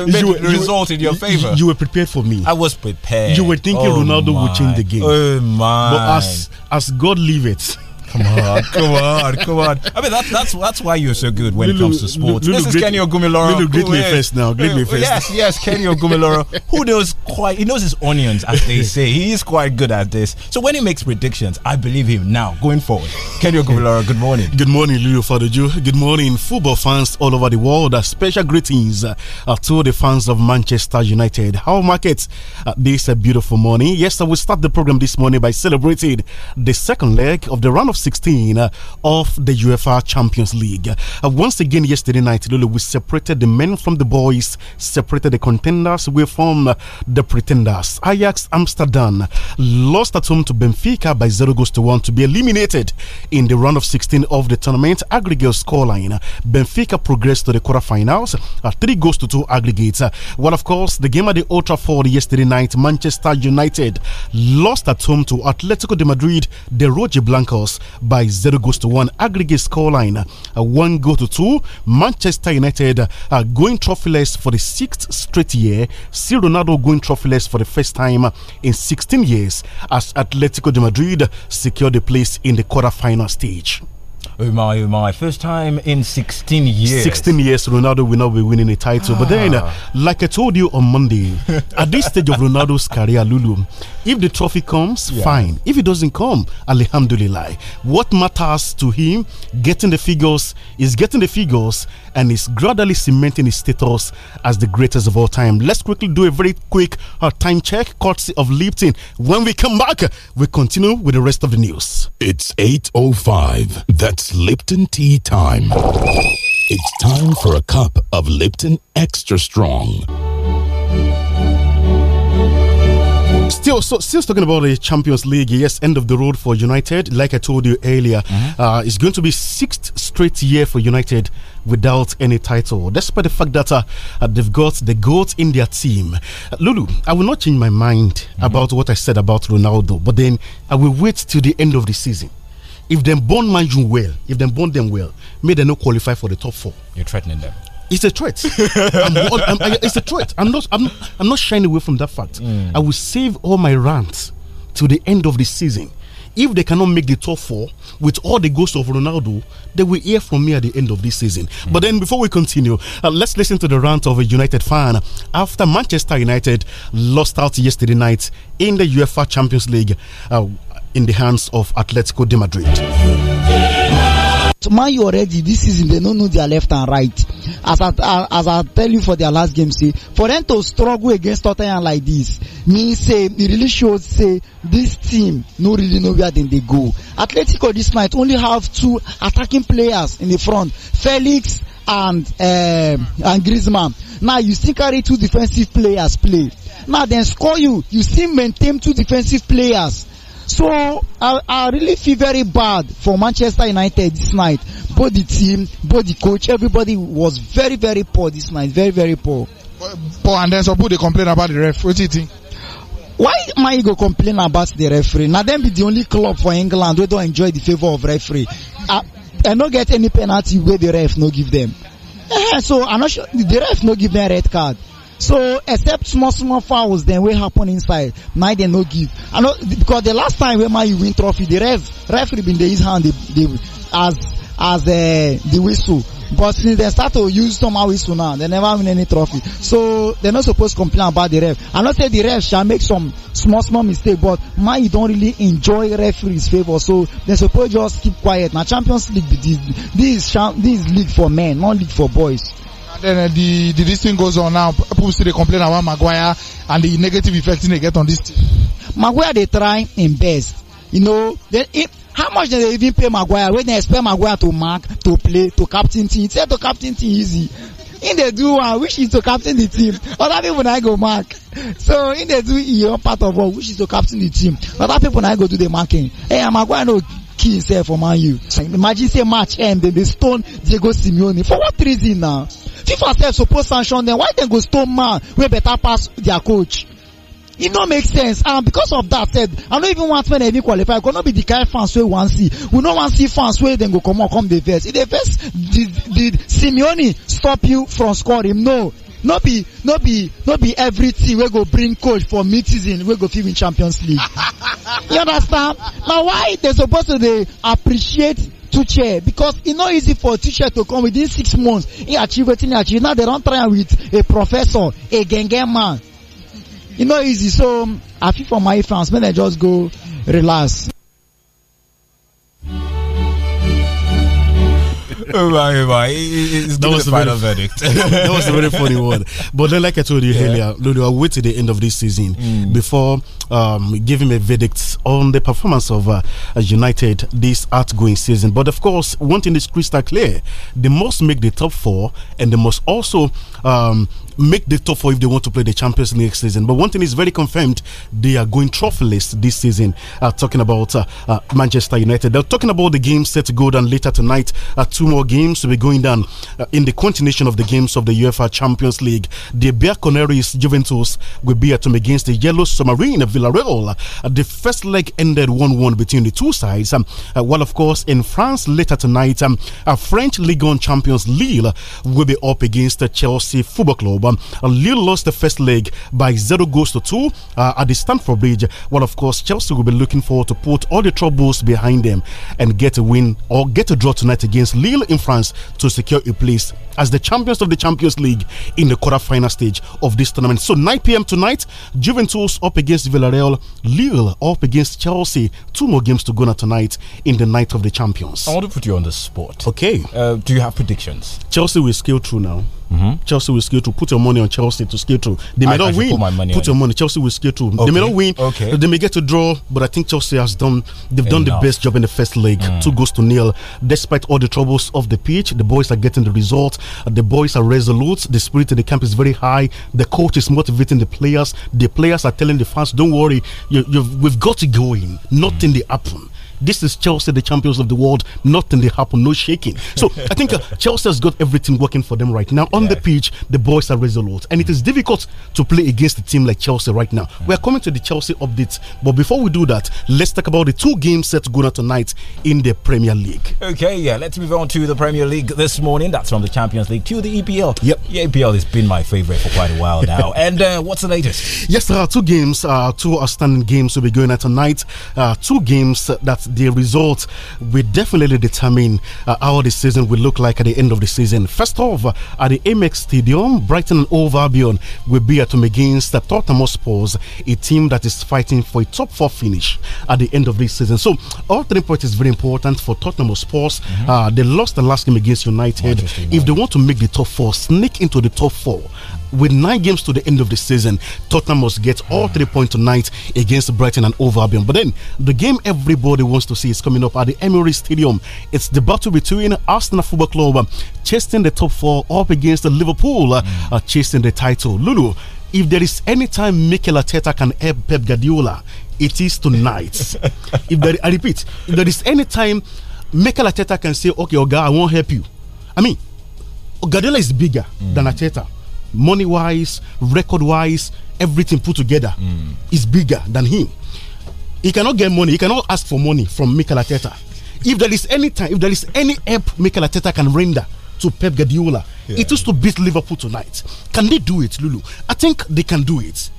made you result in your favor. You were
prepared for me. I
was prepared. You were thinking oh Ronaldo my. would change the game. Oh
my! But as as God leave it. Come on, come on, come on. I mean, that's
that's that's why you're so good when Lulu, it comes to sports. Lulu, this Lulu, is Kenny Ogumiloro. Lulu, greet me first now. Greet me first. Yes, yes, Kenny Ogumiloro. who knows quite, he knows his onions, as they say. He is quite good at this. So when he makes predictions, I believe him now, going forward. Kenny Ogumiloro, good morning. Good morning, Lulu Fadoju. Good morning,
football fans all over the world. A special greetings uh, to the fans of Manchester United. How markets uh, this uh, beautiful morning. Yes, I will start the program this morning by celebrating the second leg of the round of of 16 uh, of the UEFA Champions League. Uh, once again, yesterday night, Lulu, we separated the men from the boys, separated the contenders we from uh, the pretenders. Ajax Amsterdam lost at home to Benfica by 0 goals to 1 to be eliminated in the round of 16 of the tournament. Aggregate scoreline Benfica progressed to the quarterfinals, uh, 3 goals to 2 aggregate. well, of course, the game at the ultra four yesterday night, Manchester United lost at home to Atletico de Madrid, the Roger Blancos by 0 goals to 1. Aggregate scoreline uh, 1 goal to 2. Manchester United uh, going trophyless for the sixth straight year. See Ronaldo going trophyless for the first time in 16 years as Atletico de Madrid secured a place in the quarterfinal stage oh my, oh my. First time in 16 years. 16 years, Ronaldo will not be winning a title. Ah. But then, ah. like I told you on Monday, at this stage of Ronaldo's career, Lulu, if the trophy comes, yeah. fine. If it doesn't come, alhamdulillah. What matters to him, getting the figures, is getting the figures and is gradually cementing his status as the greatest of all time. Let's quickly do a very quick uh, time check, courtesy of Lipton. When we come back, we continue with the rest of the news.
It's 8.05. That's it's Lipton tea time. It's time for a cup of Lipton Extra Strong.
Still, so still talking about the Champions League. Yes, end of the road for United. Like I told you earlier, mm -hmm. uh, it's going to be sixth straight year for United without any title, despite the fact that uh, uh they've got the goat in their team. Uh, Lulu, I will not change my mind mm -hmm. about what I said about Ronaldo, but then I will wait till the end of the season if them born Manju well, if them born them well, may they not qualify for the top four. You're threatening them. It's a threat. I'm, I'm, I, it's a threat. I'm not. I'm. Not, I'm not shying away from that fact. Mm. I will save all my rants to the end of the season. If they cannot make the top four with all the ghosts of Ronaldo, they will hear from me at the end of this season. Mm. But then, before we continue, uh, let's listen to the rant of a United fan after Manchester United lost out yesterday night in the UEFA Champions League. Uh, in the hands of Atletico de Madrid.
man you already this season they no know their left and right as i as i tell you for their last game say for them to struggle against tottenham like this mean say e really show say this team no really know where dem dey go atletico this night only have two attacking players in the front felix and uh, and griezmann now you still carry two defensive players play now dem score you you still maintain two defensive players So I, I really feel very bad for Manchester United this night. Both the team, both the coach, everybody was very, very poor this night. Very, very poor. Poor and then some people they complain about the ref. What you think? Why my ego complain about the referee? Now them be the only club for England we don't enjoy the favour of referee. I, ah, I no get any penalty where the ref no give them. Eh, so I not sure the ref no give them red card so except small small fouls dem wey happen inside na dem no give i no because the last time wey man win trophy the ref referee bin dey use hand dey dey as as uh, the whistle but since dem start to use normal whistle now dem never win any trophy so dem no suppose complain about the ref i know say the ref sha make some small small mistake but man you don really enjoy referees favour so dem suppose just keep quiet na champions league be this this this league for men not league for boys then uh, the, the this thing goes on now. People still they complain about Maguire and the negative effect they get on this team. Maguire they try in best. You know, they, if, how much do they even pay Maguire when they expect Maguire to mark, to play, to captain team. It's not to captain team easy. In the do one, which is to captain the team. Other people now go mark. So in the do your part of work, which is to captain the team. Other people now go do the marking. Hey, eh, Maguire no kill himself for Man U. Imagine say match end, then they stone Diego Simeone. For what reason now? chief of staff suppose sanction dem why dem go stone man wey better pass their coach e no make sense and because of that sef i no even want make dem even qualify because no be the kind fans wey we wan see we no wan see fans wey dem go comot come dey vex e dey vex did did simeone stop you from scoring no no be no be no be everything wey go bring coach for mid-season wey go fit win champions league you understand na why they suppose to dey appreciate teacher because e no easy for a teacher to come within six months he achieve wetin he achieve now they don try am with a professor a genge man e no easy so i feel for my friends make dem just go relax. Right, oh,
my, oh, my. It's that was the final verdict. that was a very funny one.
But then, like I told you yeah. earlier, Lulu, I'll wait till the end of this season mm. before um, giving a verdict on the performance of uh, United this outgoing season. But of course, one thing is crystal clear: they must make the top four, and they must also um, make the top four if they want to play the Champions League season. But one thing is very confirmed: they are going trophyless this season. Uh, talking about uh, uh, Manchester United, they're talking about the game set to go down later tonight. Uh, two more games to be going down uh, in the continuation of the games of the UEFA Champions League. The Bianconeri's Juventus will be at home against the Yellow Submarine of Villarreal. Uh, the first leg ended 1-1 between the two sides. Um, while of course in France later tonight, um, a French Ligue 1 champions Lille will be up against the Chelsea Football Club. Um, Lille lost the first leg by zero goals to two uh, at the Stamford Bridge. Well, of course, Chelsea will be looking forward to put all the troubles behind them and get a win or get a draw tonight against Lille in France to secure a place as the champions of the Champions League in the quarter-final stage of this tournament. So 9 p.m. tonight, Juventus up against Villarreal, Lille up against Chelsea. Two more games to go now tonight in the night of the champions. I want to
put you on the spot. Okay. Uh, do you have predictions?
Chelsea will scale through now. Mm -hmm. Chelsea will scale to Put your money on Chelsea to scale to. They may I, not I win. Put, put your money. Chelsea will scale to. Okay. They may not win. Okay. They may get a draw, but I think Chelsea has done. They've Enough. done the best job in the first leg. Mm. Two goals to nil. Despite all the troubles of the pitch, the boys are getting the result. The boys are resolute. The spirit in the camp is very high. The coach is motivating the players. The players are telling the fans, "Don't worry, you, we've got it going. Nothing mm. they happen." This is Chelsea, the champions of the world. Nothing they happen, no shaking. So I think uh, Chelsea has got everything working for them right now. On yeah. the pitch, the boys are resolute, and mm. it is difficult to play against a team like Chelsea right now. Mm. We are coming to the Chelsea updates, but before we do that, let's talk about the two games set going on tonight in the Premier League.
Okay, yeah, let's move on to the Premier League this morning. That's from the Champions League to the EPL. Yep, the EPL has been my favorite for quite a while now. and uh, what's the latest?
Yes, there uh, are two games, uh, two outstanding games will be going on tonight. Uh, two games that the results will definitely determine uh, how the season will look like at the end of the season. First off, uh, at the Amex Stadium, Brighton and beyond Albion will be at home against the uh, Tottenham Hotspurs, a team that is fighting for a top four finish at the end of this season. So, all three points is very important for Tottenham Hotspurs. Mm -hmm. uh, they lost the last game against United. If they want to make the top four, sneak into the top four with nine games to the end of the season, Tottenham must get all ah. three points tonight against Brighton and Over Albion. But then the game everybody wants to see is coming up at the Emirates Stadium. It's the battle between Arsenal Football Club uh, chasing the top four up against Liverpool mm. uh, chasing the title. Lulu, if there is any time Mikel Arteta can help Pep Guardiola, it is tonight. if there, I repeat, if there is any time Mikel Arteta can say, "Okay, okay, I won't help you," I mean, Guardiola is bigger mm. than hmm. Arteta money wise, record wise, everything put together mm. is bigger than him. He cannot get money. He cannot ask for money from Mikel Arteta. If there is any time, if there is any help Mikel Arteta can render to Pep Guardiola, yeah. it is to beat Liverpool tonight. Can they do it, Lulu? I think they can do it.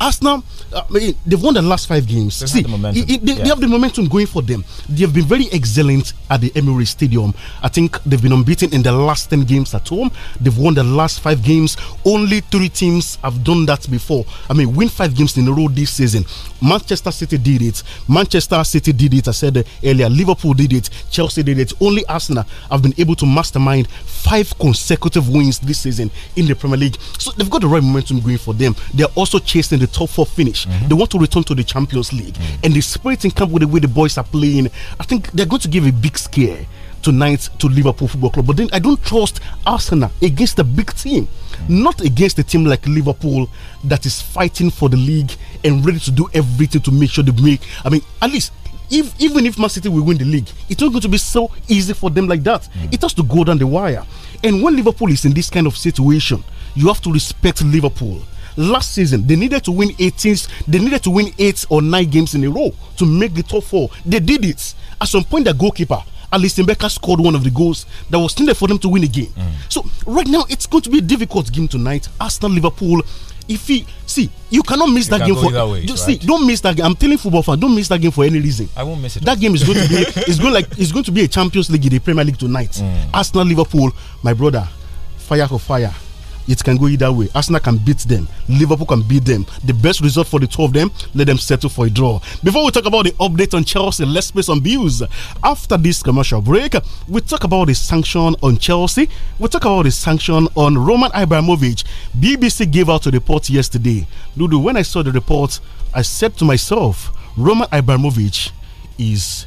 Arsenal, uh, I mean, they've won the last five games. They've See, the it, it, they, yeah. they, have the momentum going for them. They have been very excellent at the Emirates Stadium. I think they've been unbeaten in the last 10 games at home. They've won the last five games. Only three teams have done that before. I mean, win five games in a row this season. Manchester City did it. Manchester City did it. I said earlier, Liverpool did it. Chelsea did it. Only Arsenal have been able to mastermind five consecutive wins this season in the Premier League. So they've got the right momentum going for them. They're also chasing the top four finish. Mm -hmm. They want to return to the Champions League. Mm -hmm. And the spirit in camp with the way the boys are playing, I think they're going to give a big scare tonight to Liverpool Football Club. But then I don't trust Arsenal against a big team, mm. not against a team like Liverpool that is fighting for the league and ready to do everything to make sure they make. I mean, at least if even if Man City will win the league, it's not going to be so easy for them like that. Mm. It has to go down the wire. And when Liverpool is in this kind of situation, you have to respect Liverpool. Last season, they needed to win 18, they needed to win eight or nine games in a row to make the top four. They did it. At some point, the goalkeeper Alisson Becker scored one of the goals that was needed for them to win again. Mm. So right now it's going to be a difficult game tonight. Arsenal Liverpool if he see you cannot miss you that game for way, just, right? see don't miss that game i'm telling football fans don't miss that game for any reason i won't miss it that game is going to be it's going like it's going to be a champions league in the premier league tonight mm. arsenal liverpool my brother fire for fire it can go either way. Arsenal can beat them, Liverpool can beat them. The best result for the two of them, let them settle for a draw. Before we talk about the update on Chelsea, let's pay some bills. After this commercial break, we talk about the sanction on Chelsea, we talk about the sanction on Roman Ibrahimovic. BBC gave out a report yesterday. Ludo, when I saw the report, I said to myself, Roman Ibrahimovic is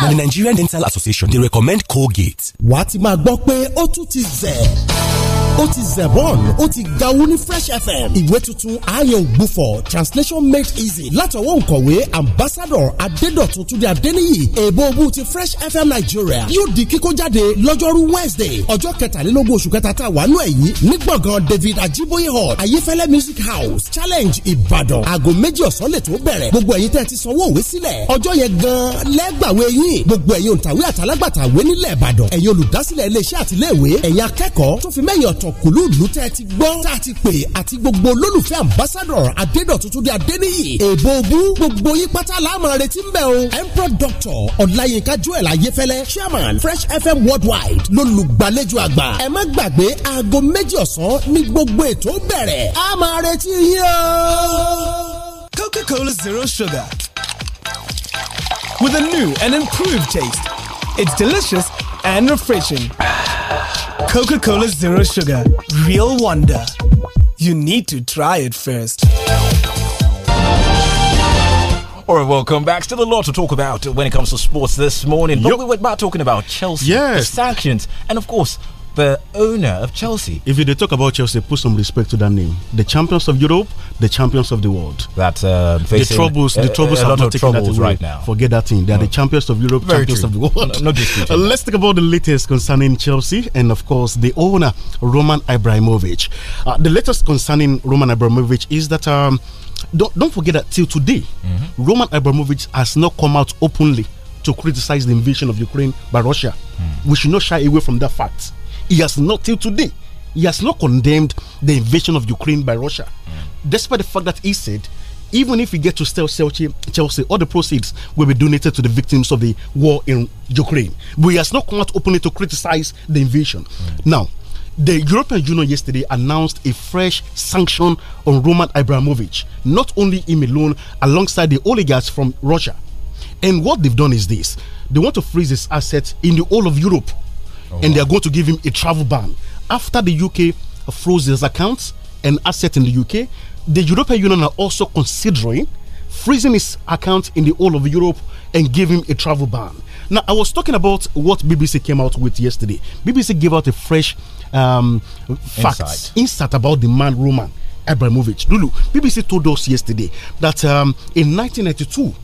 na the Nigerian Dental Association dey recommend Colgate. wàá ti máa gbọ́ pé ó tún ti zẹ̀ ó ti zebon ó ti gawú ní fresh fm ìwé tuntun ààyè ògbufọ̀ translation made easy látọwọ́ òǹkọ̀wé ambassador adédọ̀tun túnde adéníyì èèbò òbu ti fresh fm nigeria yóò di kíkó jáde lọ́jọ́rú wednesday ọjọ́ kẹtàlélógún oṣù kẹta tá a wà nù ẹ̀yìn ní gbọ̀ngàn david ajiboye hall ayéfẹ́lẹ́ music house challenge ìbàdàn aago méjì ọ̀sán lè tó bẹ̀rẹ̀ gbogbo ẹ̀yin tẹ́ ti sanwó òwe sílẹ̀ ọjọ́ yẹn gan-an lẹ́gbàwé yín gbogbo ẹ̀yin òǹtàwé àtàlágbàtàwé nílẹ̀ ìbàdàn ẹ̀yin olùdásílẹ̀ iléeṣẹ́ àtìlẹ́wé ẹ̀yin akẹ́kọ̀ọ́ tó fi mẹ́yìn ọ̀t ìyàtọ̀ kùlùùlù tẹ́ ti gbọ́ tá a ti pè àti gbogbo olólùfẹ́ ambassador adédọ̀tun túndé adéníyì èbó ogún gbogbo yín pátá retí ń bẹ̀ o emperor doctor ọláyínká joel ayéfẹ́lẹ́ chairman fresh fm worldwide lólùgbàlejò àgbà ẹ má gbàgbé aago méjì ọ̀sán ní gbogbo ètò bẹ̀rẹ̀ a retí yín o. coca-cola zero sugar with a new and improved taste it's delicious and refreshing. Coca Cola
Zero Sugar, real wonder. You need to try it first. All right, welcome back. Still a lot to talk about when it comes to sports this morning. But we were about talking about Chelsea, yes. the sanctions, and of course the owner
of Chelsea. If you talk about Chelsea, put some respect to that name. The champions of Europe, the champions of the
world. That uh, um, the troubles, the troubles a, a, not taken that right now.
Forget that thing. They are the champions of Europe, Very champions true. of the world. No, no Let's talk about the latest concerning Chelsea and of course the owner Roman Abramovich. Uh, the latest concerning Roman Abramovich is that. Um, don't, don't forget that till today, mm -hmm. Roman Abramovich has not come out openly to criticize the invasion of Ukraine by Russia. Mm. We should not shy away from that fact. He has not till today. He has not condemned the invasion of Ukraine by Russia, despite the fact that he said even if we get to sell Chelsea, Chelsea, all the proceeds will be donated to the victims of the war in Ukraine. But he has not come out openly to criticize the invasion. Mm. Now, the European Union yesterday announced a fresh sanction on Roman Abramovich, not only him alone, alongside the oligarchs from Russia. And what they've done is this they want to freeze his assets in the whole of Europe oh, and they are going to give him a travel ban. After the UK froze his accounts and assets in the UK, the European Union are also considering freezing his account in the whole of Europe and give him a travel ban. Now, I was talking about what BBC came out with yesterday. BBC gave out a fresh um, facts insight about the man Roman Abramovich. Lulu, BBC told us yesterday that um, in 1992,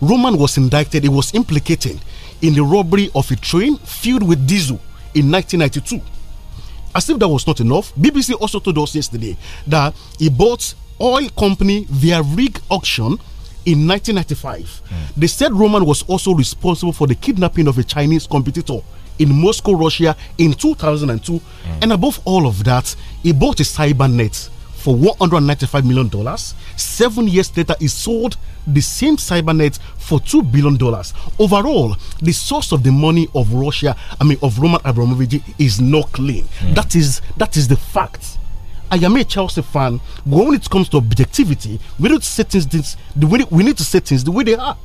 Roman was indicted. He was implicated in the robbery of a train filled with diesel in 1992. As if that was not enough, BBC also told us yesterday that he bought oil company via rig auction in 1995. Mm. They said Roman was also responsible for the kidnapping of a Chinese competitor in Moscow, Russia in 2002. Mm. And above all of that, he bought a cyber net for $195 million. Seven years later, he sold the same Cybernet for $2 billion. Overall, the source of the money of Russia, I mean, of Roman Abramovich is not clean. Mm. That, is, that is the fact. I am a Chelsea fan, but when it comes to objectivity, we don't say things, the way we need to say things the way they are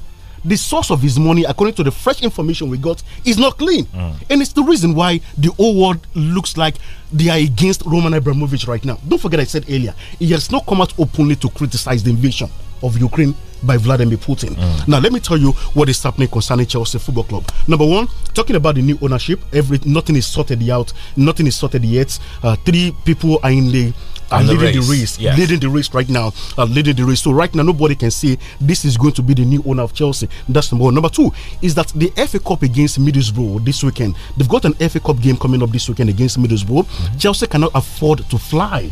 the source of his money, according to the fresh information we got, is not clean. Mm. And it's the reason why the whole world looks like they are against Roman Abramovich right now. Don't forget, I said earlier, he has not come out openly to criticize the invasion of Ukraine by Vladimir Putin. Mm. Now, let me tell you what is happening concerning Chelsea Football Club. Number one, talking about the new ownership, every nothing is sorted out, nothing is sorted yet. Uh, three people are in the are leading the race, the race yes. leading the race right now, are leading the race. So right now, nobody can say this is going to be the new owner of Chelsea. That's number one. Number two is that the FA Cup against Middlesbrough this weekend. They've got an FA Cup game coming up this weekend against Middlesbrough. Mm -hmm. Chelsea cannot afford to fly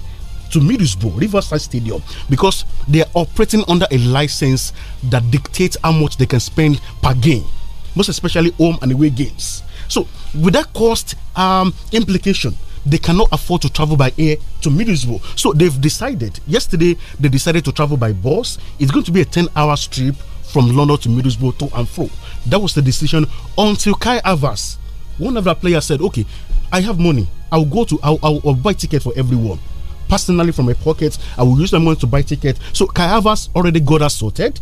to Middlesbrough, Riverside Stadium, because they are operating under a license that dictates how much they can spend per game, most especially home and away games. So, with that cost um, implication, they cannot afford to travel by air to Middlesbrough. So they've decided, yesterday, they decided to travel by bus. It's going to be a 10 hour trip from London to Middlesbrough to and fro. That was the decision until Kai Avas, one of our players, said, Okay, I have money. I'll go to, I'll, I'll, I'll buy ticket for everyone. Personally, from my pocket, I will use my money to buy ticket. So Kai Avas already got us sorted.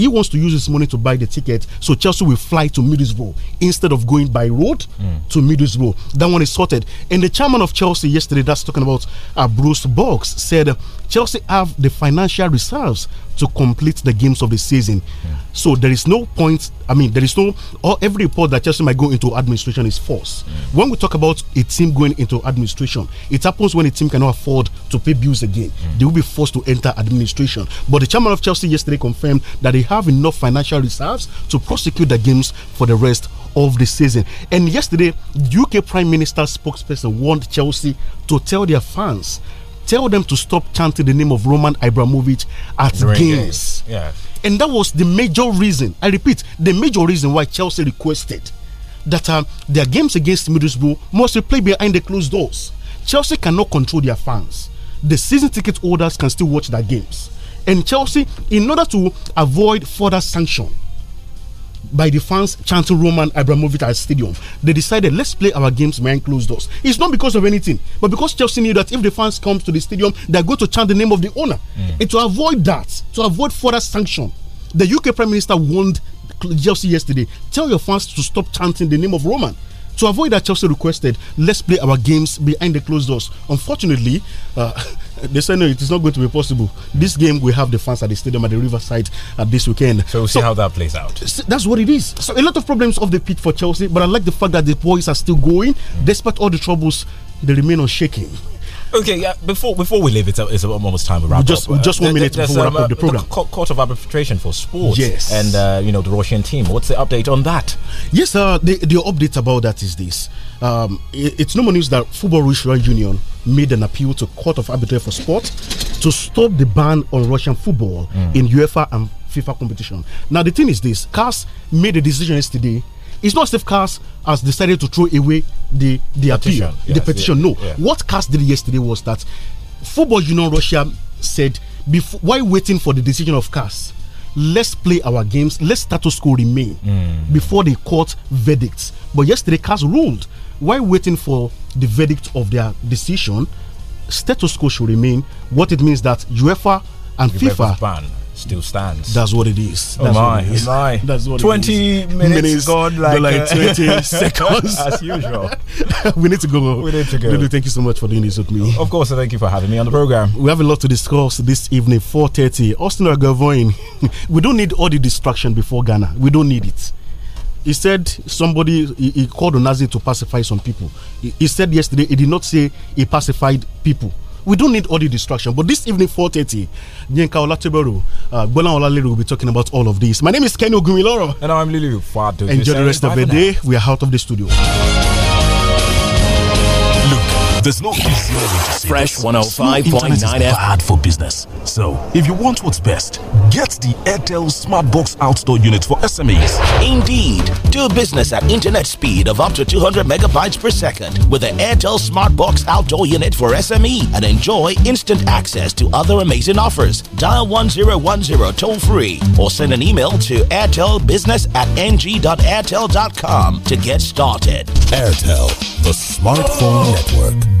He wants to use his money to buy the ticket, so Chelsea will fly to Middlesbrough instead of going by road mm. to Middlesbrough. That one is sorted. And the chairman of Chelsea yesterday, that's talking about uh, Bruce Box, said Chelsea have the financial reserves to complete the games of the season. Yeah. So there is no point. I mean, there is no or every report that Chelsea might go into administration is false. Yeah. When we talk about a team going into administration, it happens when a team cannot afford to pay bills again. Yeah. They will be forced to enter administration. But the chairman of Chelsea yesterday confirmed that they have enough financial reserves to prosecute the games for the rest of the season. And yesterday, UK Prime Minister spokesperson warned Chelsea to tell their fans tell them to stop chanting the name of Roman Abramovich at games. games. Yes. And that was the major reason, I repeat, the major reason why Chelsea requested that uh, their games against Middlesbrough must be played behind the closed doors. Chelsea cannot control their fans. The season ticket holders can still watch their games. And Chelsea, in order to avoid further sanction, by the fans chanting Roman Abramovich at stadium. They decided let's play our games behind closed doors. It's not because of anything, but because Chelsea knew that if the fans come to the stadium, they're going to chant the name of the owner. Mm. And to avoid that, to avoid further sanction, the UK Prime Minister warned Chelsea yesterday, tell your fans to stop chanting the name of Roman to avoid that, Chelsea requested, let's play our games behind the closed doors. Unfortunately, uh, they said no, it is not going to be possible. This game we have the fans at the stadium at the Riverside at uh, this weekend. So we'll so, see how
that plays out.
That's what it is. So a lot of problems off the pitch for Chelsea, but I like the fact that the boys are still going mm. despite all the troubles. They remain unshaken.
Okay, yeah. Before before we leave, it's, it's almost time to wrap just, up. Just one uh, minute before we wrap up um, the program. The court of arbitration for sports. Yes, and uh, you know the Russian team. What's the update on that? Yes,
uh, the the update about that is this. Um, it, it's no news that Football Russian Union made an appeal to Court of Arbitration for Sport to stop the ban on Russian football mm. in UEFA and FIFA competition. Now the thing is this: CAS made a decision yesterday. It's not safe, if CAS has decided to throw away the the petition, appeal, yes, the petition. Yes, no, what cast did yesterday was that Football Union Russia said, before, while waiting for the decision of CAS, let's play our games, let status quo remain mm. before the court verdicts. But yesterday, CAS ruled while waiting for the verdict of their decision, status quo should remain. What it means that UEFA and FIFA
still stands. That's what it is. Oh That's my, what it is. Oh my. That's what 20 minutes, minutes gone like, like
uh, 20 seconds. As usual. we need to go. We need to go. Lulu, thank you so much for doing this with me. Of course, thank you for having me on the program. We have a lot to discuss this evening, 4.30. Austin Agavoin, we don't need all the distraction before Ghana. We don't need it he said somebody he, he called on Nazi to pacify some people. He, he, said yesterday he did not say he pacified people we don't need all the distraction. But this evening, 4.30, Yinka Olatibero, uh, Bola will be talking about all of this. My name is Kenny Ogumiloro. And I'm Lily Father, Enjoy the rest of the day. We are out of the studio. There's no easy
way to say Fresh 105.9 FM. bad
for oh business. So, if you want what's best, get the Airtel Smartbox outdoor unit for SMEs. Indeed, do business at internet speed of up to 200 megabytes per second with the Airtel Smartbox outdoor unit for SME and enjoy instant access to other amazing offers. Dial 1010 toll free or send an email to airtelbusiness at ng.airtel.com to get started. Airtel the Smartphone Network.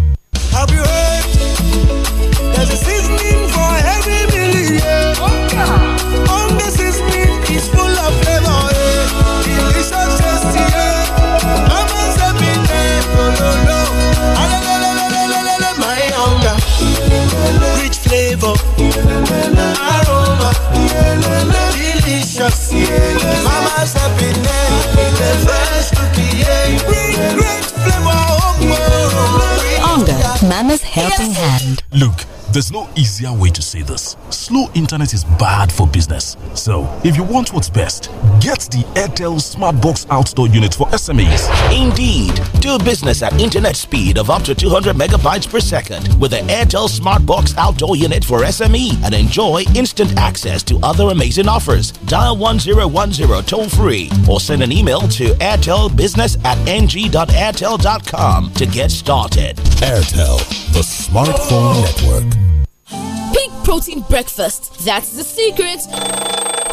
Mama's Helping Hand. Look, there's no easier way to say this. Slow internet is bad for business. So, if you want what's best, get the Airtel Smartbox outdoor unit for SMEs. Indeed, do business at internet speed of up to 200 megabytes per second with the Airtel Smartbox outdoor unit for SME and enjoy instant access to other amazing offers. Dial 1010 toll free or send an email to airtelbusiness at ng.airtel.com to get started. Airtel,
the smartphone network.
Peak protein breakfast. That's the secret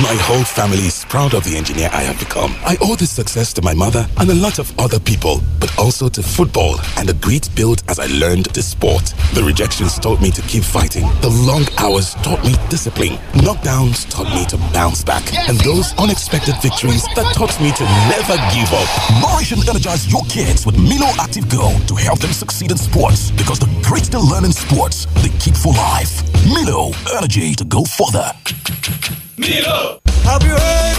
My whole family is proud of the engineer I have become. I owe this success to my mother and a lot of other people, but also to football and the grit built as I learned the sport. The rejections taught me to keep fighting. The long hours taught me discipline. Knockdowns taught me to bounce back. And those unexpected victories that taught me to never give up. Nourish and energize your kids with Milo Active Girl to help them succeed in sports because the grit they learn in sports, they keep for life. Milo, energy to go further.
Milo. you heard?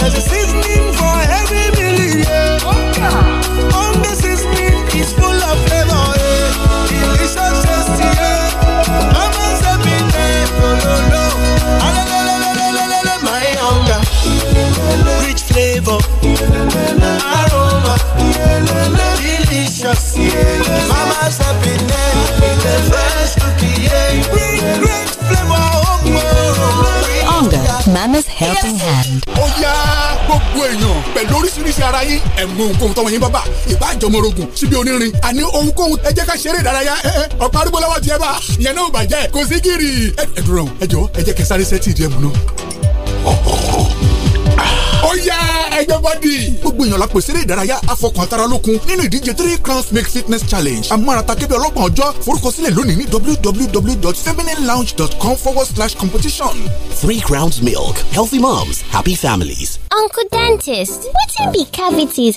There's a
seasoning for every meal. Yeah. Oh, yeah. On the seasoning is full of flavor. Delicious, Mama's No, no, no. my hunger. Rich flavor. Aroma. Delicious. Mama's happiness.
Mama's Helping Hand. ó yá
gbogbo èèyàn pẹ̀lú oríṣiríṣi ara yín ẹ̀ ohunkóhun tọ́wọ́ yín bá bà ìbá àjọmọ́rogùn síbi onírin àní ohunkóhun ẹ jẹ́ ká ṣeré ìdárayá ọ̀pá arúgbó lọ́wọ́ tiẹ̀ bá ìyẹn náà bàjẹ́ kò sí gírì. ẹ dùn ẹ jọ ẹ jẹ́ kẹsàrí sẹ́tì ìdí ẹ̀ náà ó yá ẹgbẹ́ bọ́dì. gbogbo èèyàn la pèsè eré ìdárayá afọkàntara lókun nínú ìdíje three crowns make fitness challenge amárata kébé ọlọ́gbọ̀n ọjọ́ forúkọsílẹ̀ lónìí ní www.femininelounge.com forward slash competition.
three crowns milk healthy moms happy families.
uncle dentist wetin be cavities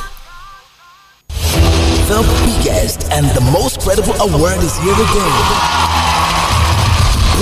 the biggest
and the most credible award is here again.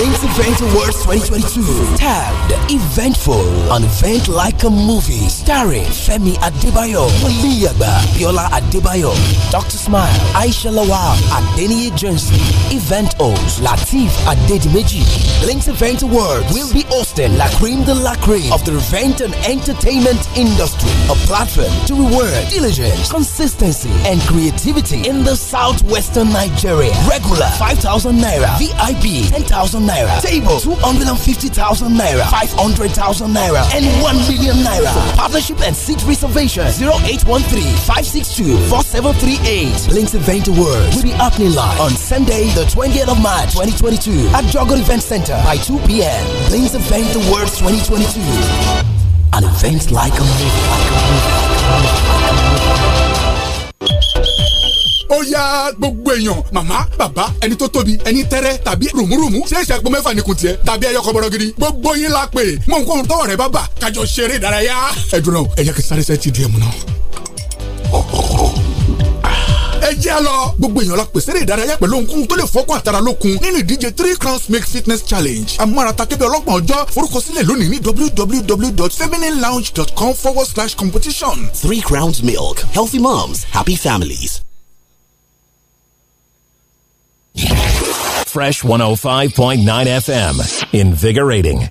Links Event Awards 2022. Tagged Eventful. An event like a movie. Starring Femi Adebayo, Waliyaba, Biola Adebayo, Dr. Smile, Aisha Lawal, Adeni Johnson. Event host Latif Adedimeji. Links Event Awards will be hosting La Cream de la Cream of the event and entertainment industry. A platform to reward diligence, consistency, and creativity in the southwestern Nigeria. Regular 5,000 naira. VIP 10,000 naira. Table 250,000 naira. 500,000 naira. And 1 million naira. partnership and seat reservation 0813 562 4738. Links event awards will be happening live on Sunday, the 20th of March 2022 at Jogger Event Center by 2 p.m. Links event awards 2022. An event Like a movie. Like a movie. Like a
movie. ó yá gbogbo èèyàn màmá bàbá ẹni tó tóbi ẹni tẹ́rẹ́ tàbí rùmùrùmù ṣé ìṣe àpò mẹ́fà ni kù tiẹ̀ tàbí ẹyọ kọ́bọ̀rọ̀ gidi gbogbo yín la pè mọ nǹkan tọwọ́ rẹ bá bà kájọ ṣeré ìdárayá. ẹ dùn náà ẹ jẹ́ kí sáré sẹ́ẹ̀ ti di ẹ̀mú náà. ẹ jẹ́ a lọ gbogbo èèyàn la pèsè eré ìdárayá pẹ̀lú ohunkóhun tó lè fọ́kàn àtàrà lókun nínú ìdíje three crowns make fitness challenge amárata kébé ọlọ́gbọ̀n ọjọ́ forúkọsílẹ̀ lónìí ní www.femininelounge.com forward slash competition.
three crowns milk
healthy moms happy
families. Fresh
105.9 FM. Invigorating.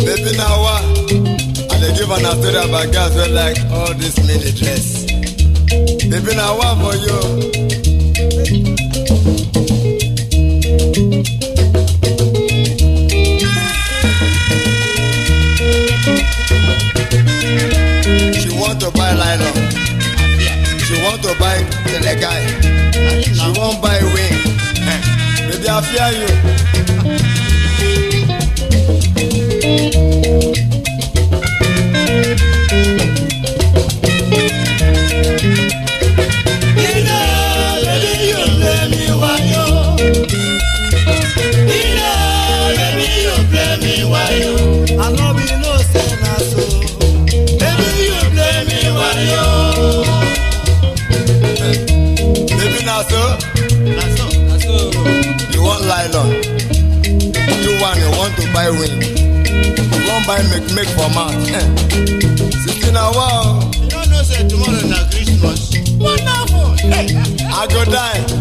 Baby now, I give an story about girls who like all this mini dress. They've been a for you. to buy nylon. She want to buy teleguy. She won't buy wing. Baby, I fear you. buy make make for man. Eh. Sixteen hour. You don't know say tomorrow na Christmas. Wonderful. Hey. I go die.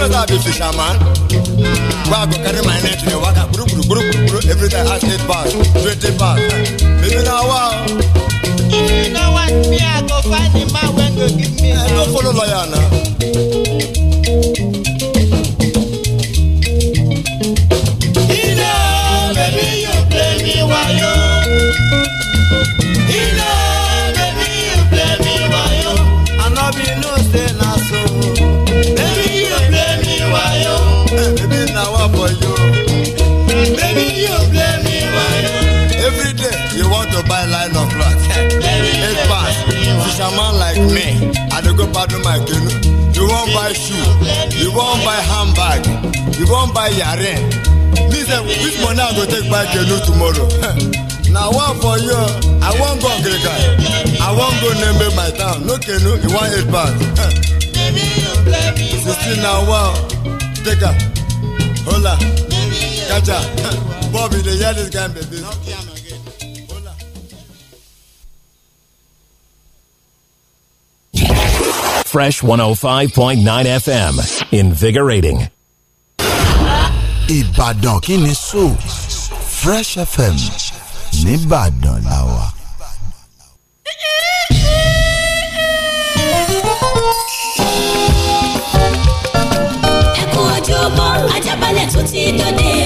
know that I be fisherman. Where I go carry my net in the water, buru buru buru buru. Every time I it pass, twenty bars. Maybe now wow. If you know what, me I go find the man when go give me. I no follow lawyer now. a man like me, I don't go paddle my canoe. You won't buy shoe, you won't buy handbag, you won't buy yaren. This uh, this money I go take buy canoe tomorrow. Now one for you, I won't go Grega. I won't go name my town. No canoe, you want eight pounds. Sixteen now one, take a hola, gotcha. Bobby, they hear this guy, baby.
Fresh 105.9 FM. Invigorating.
Ìbàdàn kí so Fresh FM nìbàdàn la wà.
ẹkún tó ti dòde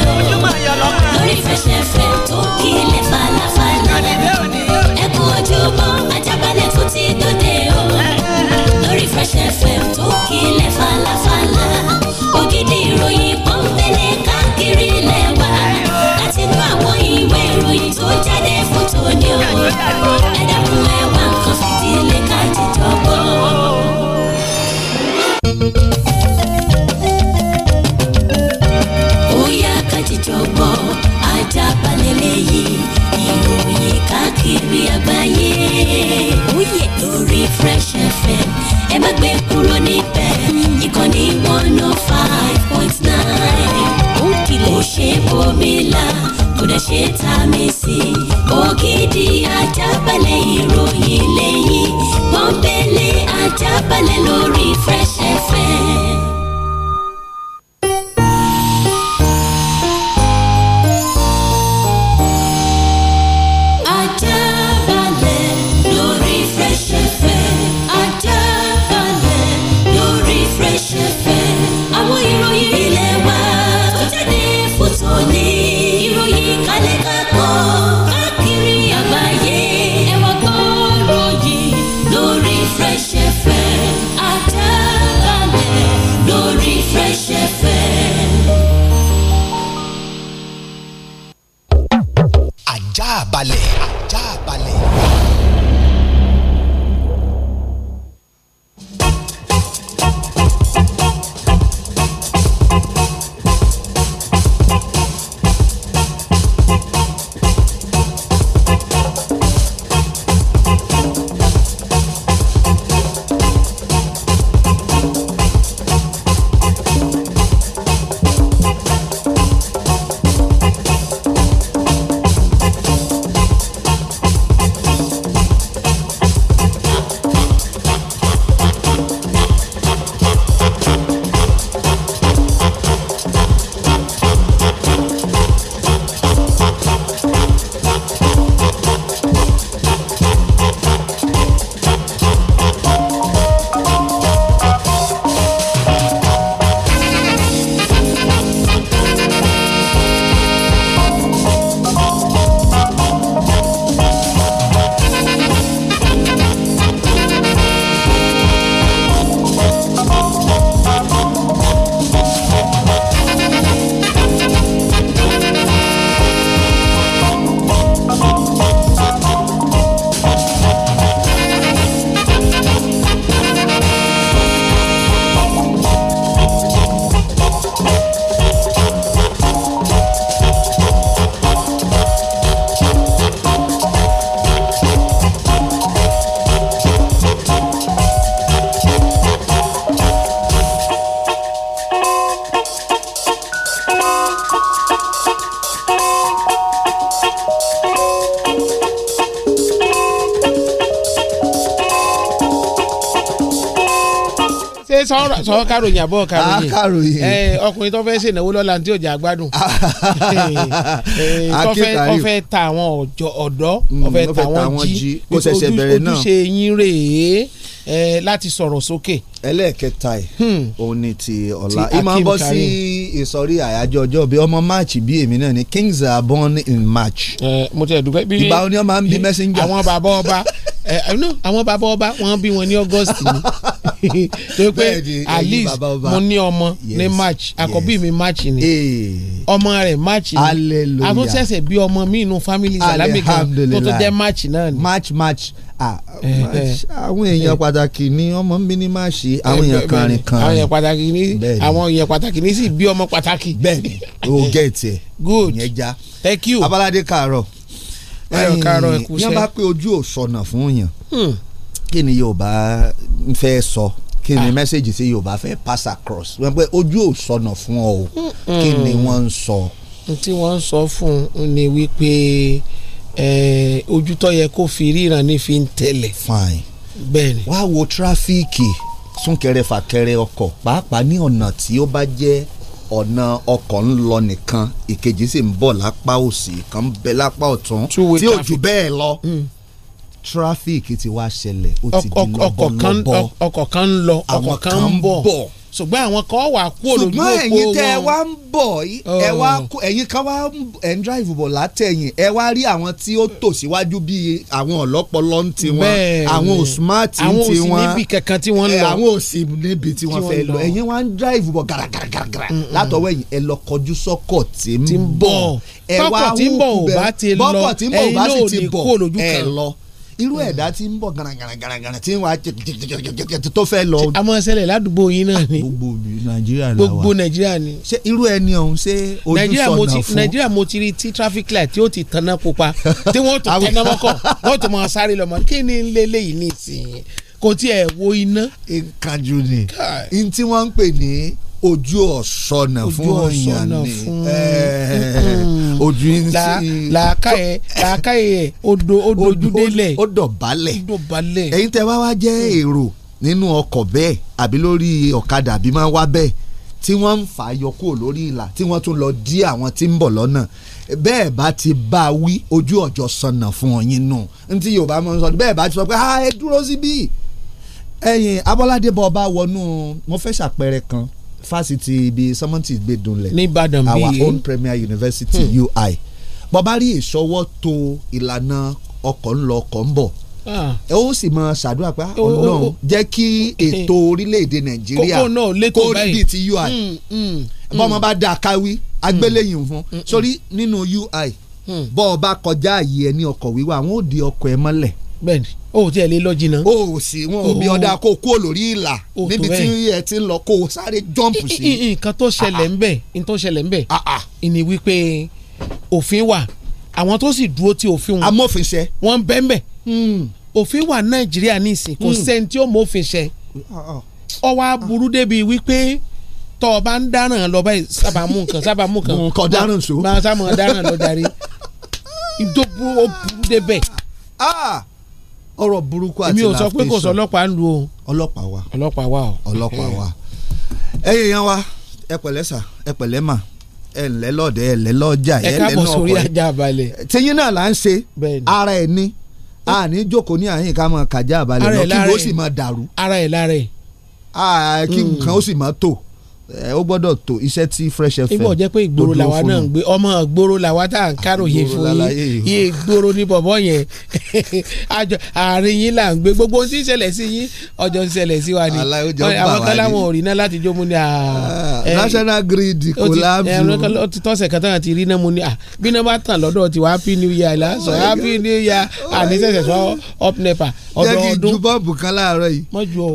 o lórí Fresh FM ojúbọ Fresh FM tó kílẹ̀ falafala o ẹ dákun ẹ wá nǹkan fìdílé ká jíjọ gbọ́. ó yá ká jíjọ gbọ́ ajá balẹ̀ lẹ́yìn káàkiri àgbáyé oh lórí Fresh FM ẹ má gbé kúrò níbẹ̀ ìkànnì one oh five point nine ó kìlẹ̀ ó ṣe bòmílà kódà ṣe tá a sí ògidì ajábalẹ̀ ìròyìn lẹ́yìn pọ́npẹ́lẹ́ ajábalẹ̀ lórí Fresh FM.
sọ káròyìn àbọ̀ káròyìn ah, káròyìn ọkùnrin tó fẹ́ ṣènáwó lọ́la tí òjà gbádùn
tó
fẹ́ ta àwọn ọ̀dọ́ tó mm, fẹ́ ta àwọn jí kó ṣẹ̀ṣẹ̀ bẹ̀rẹ̀ náà ojúṣe yín rèé láti sọ̀rọ̀ sókè. ẹlẹ́ẹ̀kẹta ẹ̀ hmm. òun ni ti ọ̀la ìmọ̀ bọ́ sí
ìsọ̀rí àyájọ́ ọjọ́ bíi ọmọ march bíi èmi náà ni kings are born in march.
mo ti ẹ̀ dúpẹ́ bí ìbá oní ọmọ ń bí messenger. àwọn bàbá ọba àwọn bàbá ọba wọn bí wọn ní august ni. tó pé at least mo ní ọmọ ní march àkọ́bí mi march ni eh. ọmọ rẹ̀ march ni hallelujah a tún ṣẹ̀ṣẹ̀ bí ọmọ mi inú family salami kan tó tún jẹ́ march náà ni. march march ah, eh, eh. àwọn èèyàn pàtàkì
ni ọmọ mi ní máa ṣe àwọn èèyàn kanrin kan àwọn èèyàn pàtàkì ni àwọn èèyàn pàtàkì ni sì bí ọmọ pàtàkì. bẹ́ẹ̀ni o get ẹ good ìyẹn já thank you abalade kaaro
ayọ kaaro ẹ kú sẹ yẹn bá
pé ojú ò sọnà fún yàn hmm. kí ni yóò bá ń fẹ́ sọ kí ni ah. mẹ́sẹ̀gì tí Yorùbá fẹ́ pass across wọ́n pẹ́ ojú ò sọnà fún ọ o
kí ni wọ́n ń sọ. tí wọ́n ń sọ fún un ni wípé ojú tó yẹ kó fi ríran ní fi ń tẹ̀lẹ̀. fine bẹ́ẹ̀ni. wá wo
tráfíìkì súnkẹrẹ fàkẹrẹ ọkọ̀ pàápàá ní ọ̀nà tí ó bá jẹ́ ọ̀nà ọkọ̀ ń lọ nìkan ìkejì sì ń bọ̀ lápá òsì kan ń bẹ lápá ọ̀tún tí ò jù bẹ́ẹ̀ lọ mm traffic ti wá ṣẹlẹ̀ ó ti di lọ́bọ̀lọ́bọ̀
ọkọ̀ kan ń lọ ọkọ̀ kan ń bọ̀ ṣùgbọ́n àwọn kan wà kú olójú òpó wọn. ṣùgbọ́n ẹ̀yin tẹ́ ẹ
wá ń bọ̀ ẹ wá oh. ẹ̀yin kan wá ẹ̀ ń drive bọ̀ látẹ̀yìn ẹ wá rí àwọn tí ó tò síwájú bíi àwọn ọ̀lọ́pọ̀lọ́ ń ti wọn àwọn òsùmáàtì ń ti wọn àwọn òsì níbi
kankan tí wọ́n ń lọ àwọn òsì
tí wọ́n fẹ́ lọ ẹ̀yin wá ń drive bọ̀ gàràgàràgàrà látọwọ́ ẹ̀yin ẹ lọ kọjú sọ́kọ̀ tí ń bọ̀ irú ẹ̀dá tí ń bọ̀ gàràngàràngàràngàrà tí wọ́n á jẹkẹjẹkẹjẹkẹ tó fẹ́ lọ. a máa ṣẹlẹ̀ ládùúgbò yín náà ni gbogbo nàìjíríà ni. wà gbogbo nàìjíríà ni. ṣé irú
ẹni ọ̀hún ṣé ojú sọ̀nà fún. nàìjíríà mo ti rí tí traffic light tí ó ti tanná pupa tí wọ́n tó tanná mọ́kọ̀ wọ́n tó máa sáré lọ́mọ kí ni lélẹ̀ yìí ní ìsìn kò tiẹ̀ wo
iná. ìkàjù ni n wọ́n ń pè ní ojú ọ̀sọ́nà fún ọ̀yàn ni
ojú ń sí. làákàyè làákàyè odò ojú délẹ̀. ó dọ̀bálẹ̀ ẹ̀yin tẹ́ wá wá jẹ́ mm. èrò
nínú ọkọ̀ bẹ́ẹ̀ àbí lórí ọ̀kadà àbí máa wá bẹ́ẹ̀ tí wọ́n ń fà yọ kúrò lórí ìlà tí wọ́n tún lọ dí àwọn tí ń bọ̀ lọ́nà bẹ́ẹ̀ bá ti bá a wí ojú ọjọ́ sọnà fún ọyìn nù ntí yorùbá máa sọ bẹ́ẹ̀ bá ti sọ pé ẹ dúró síbí ẹ̀yin abọ́ládé bọ́ ọba wọnú mo fẹ́ ṣàpẹẹrẹ kan fásitì ibi sọmọtì gbẹdùnlẹ níbàdàn bíi our own premier university hmm. ui bọba rí ìṣọwọ́ tó ìlànà ọkọ̀ ń lọ ọkọ̀ ń bọ̀ ah. ó sì mọ ṣàdúrà pé ah, ọlọ́run jẹ́ kí ètò orílẹ̀-èdè nàìjíríà kó rí bíi ti ui hmm,
hmm, bọ́mọ hmm. bá
dá a káwí agbéléyìn fún sórí nínú ui bọ́ọ̀ bá kọjá àyè ẹ ní ọkọ̀ wíwá àwọn ò di ọkọ̀ ẹ mọ́lẹ̀ bẹ́ẹ̀ni o ò tiẹ̀ lè lọ jìnnà. o ò sí wọn ò bí ọ̀dà kó kó lórí ìlà níbi tí ẹ ti lọ kó o sáré jọ́ǹpù sí. nǹkan
tó ṣẹlẹ̀ ah, ah. ńbẹ nǹkan tó ṣẹlẹ̀ ńbẹ ah, ni wípé òfin wà àwọn tó sì dúró ti òfin wọn. amófinṣẹ. wọn bẹ́ẹ̀nbẹ́ hmm. òfin wà nàìjíríà ní ìsìn kò hmm. sẹ́ni tí ó mófinṣẹ ọwọ́ aburú débi wípé tọ́ ọ bá ń dáràn lọ báyìí sábà mú nǹkan sábà mú nǹkan. nǹkan dáràn so. máa sábà dáràn lọ darí ìdókòwò burú débẹ̀ ọ̀rọ̀ burúkú àti làfíṣọ èmi ò sọ pé kò sọ ọlọ́pàá ń lu o. ọlọ́pàá wa ọlọ́pàá wa o. ọlọ́pàá wa
ẹyẹ yan wa ẹ pẹ̀lẹ́ sà ẹ pẹ̀lẹ́ mà ẹ ǹlẹ́ lọ́dẹ ẹ ǹlẹ́ lọ́jà ẹ lẹ́nu ọkọ ẹ káàbọ̀ sórí ajá balẹ̀. tẹyin náà là ń ṣe ara ẹ ní a ní jókòó ní àyìn ká máa kàjá balẹ̀ lọ kí n ó sì máa dàrú. ara ẹ lára ẹ. kí nǹkan ó sì máa tò ẹ ó gbọ́dọ̀ tó iṣẹ́ tí fresh fm. ibo jẹ́ pé ìgboro làwa náà ń
gbé ọmọ ìgboro làwa tá à ń káròyè fún yín iye ìgboro ní bọ̀bọ̀ yẹn àárín yín là ń gbé gbogbo ohun tí ń ṣẹlẹ̀ sí yín ọjọ́ ń ṣẹlẹ̀ sí wa ni àwọn kan láwọn ò rí náà láti jó mu ni. Ah, national grid collapse. ó ti tọ́sẹ̀ kan táwọn ti rí náà mu ni bí náà bá tàn lọ́dọ̀ tiwa happy new year la oh sọ happy new year oh àní sẹ̀sẹ̀ sọ up nepa ọdọọdún. jẹ́ kí ju bọ́ǹbù kan láàárọ̀ yìí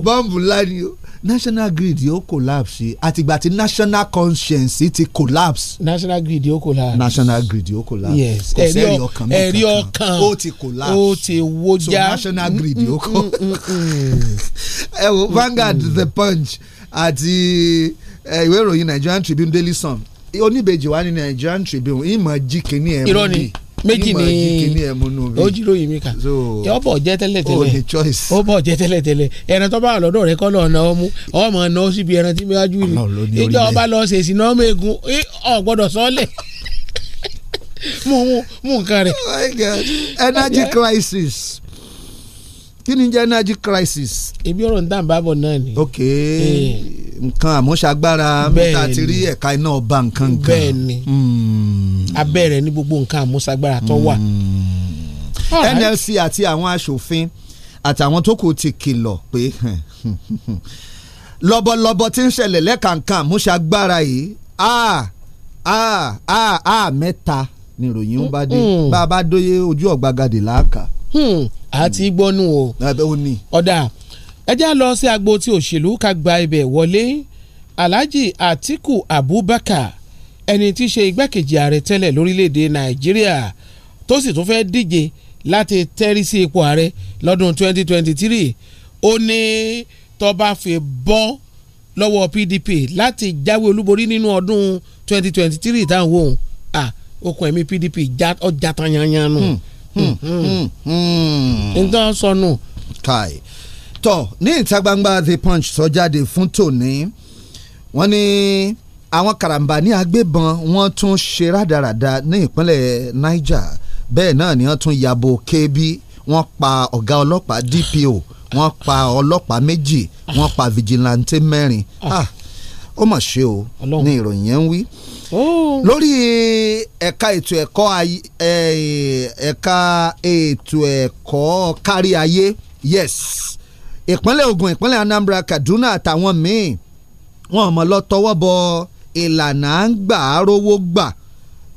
bọ́ǹbù ńlá ni o national grid yóò collapse àtìgbà tí national conscience ti collapse. national grid yóò collapse. national grid yóò collapse. yes kò sí ẹ̀rí ọkàn mọ́ ẹ̀rí ọkàn ó ti collapse. ó ti wójá so national grid mm, yóò kọ. Mm, mm, ẹ wo Vanguard The Punch àti ìwé ìròyìn Nigerian Tribune Daily Sun oníbejì wa ní Nigerian Tribune ìmọ̀ jí kínní ẹ̀ mú mi. irọ́ ni méjì ni
ó jíròyìn mi kà yọ bọ̀ jẹ́ tẹ́lẹ̀tẹ́lẹ̀ ó bọ̀ jẹ́ tẹ́lẹ̀tẹ́lẹ̀ ẹran tó bá lọ́dọ̀ rẹ kọ́ lọ́ọ́ náà mú ọmọ náà síbi ẹran tí wájú rí ìjọ ọba lọ ṣèṣì náà mẹ́gun ọ̀ gbọ́dọ̀ sọ́ọ́lẹ̀ mú mú nǹkan rẹ̀. Oh energy crisis kí ni jẹ́ energy crisis. ibi ọ̀rọ̀ nǹkan bábọ̀ náà ni. ok eh. nǹkan àmúṣagbára mẹ́ta ti rí ẹ̀ka iná ọba nǹkan nǹkan. bẹ́ẹ̀ ni hmm. abẹ́rẹ́ ní gbogbo nǹkan àmúṣagbára tó wà. Hmm.
NLC àti àwọn aṣòfin àtàwọn tó kù ti kìlọ̀ pé lọ́bọ̀lọ́bọ̀ tí ń ṣẹlẹ̀ lẹ́kàǹkà àmúṣagbára yìí a ah, a ah, a ah, a mẹ́ta nìròyìn ń bá dé bá a bá dóye ojú
ọ̀gbagadè làákàá àti hmm, hmm. gbọ́nù o ọ̀dà ẹjẹ́ lọ sí agbo tí òṣèlú ká gba ibẹ̀ wọlé Alhaji Atiku Abubakar ẹni tí í ṣe igbákejì ààrẹ tẹ́lẹ̀ lórílẹ̀‐èdè Nàìjíríà tó sì tún fẹ́ẹ́ díje láti tẹ́rí sí ipò ààrẹ lọ́dún 2023 ó ní tó bá fi bọ́ lọ́wọ́ PDP láti jáwé olúborí nínú ọdún 2023 táwọn ohun okùn ẹ̀mí PDP ọjà tán yanyan nù. Hmm Hmm. Hmm. Hmm. nǹkan sọnù. kai tọ ní ìta
gbangba the punch sọ jáde fún tòní wọ́n ní àwọn karambani agbébọn wọ́n tún ṣe rádaràda ní ìpínlẹ̀ Niger bẹ́ẹ̀ náà ni wọ́n tún yabo kébí wọ́n pa ọ̀gá ọlọ́pàá DPO wọ́n pa ọlọ́pàá méjì wọ́n pa vigilante mẹ́rin ah. Ah, ó mà ṣe o ní ìròyìn yẹn ń wí. Oh. lórí ẹ̀ka ètò ẹ̀kọ́ ẹ̀ka ètò ẹ̀kọ́ kárí ayé yes ìpínlẹ̀ Ògùn ìpínlẹ̀ Anambra Kaduna àtàwọn míì wọn mọ̀ lọ tọwọ́ bọ ìlànà à ń gbà á rówó gbà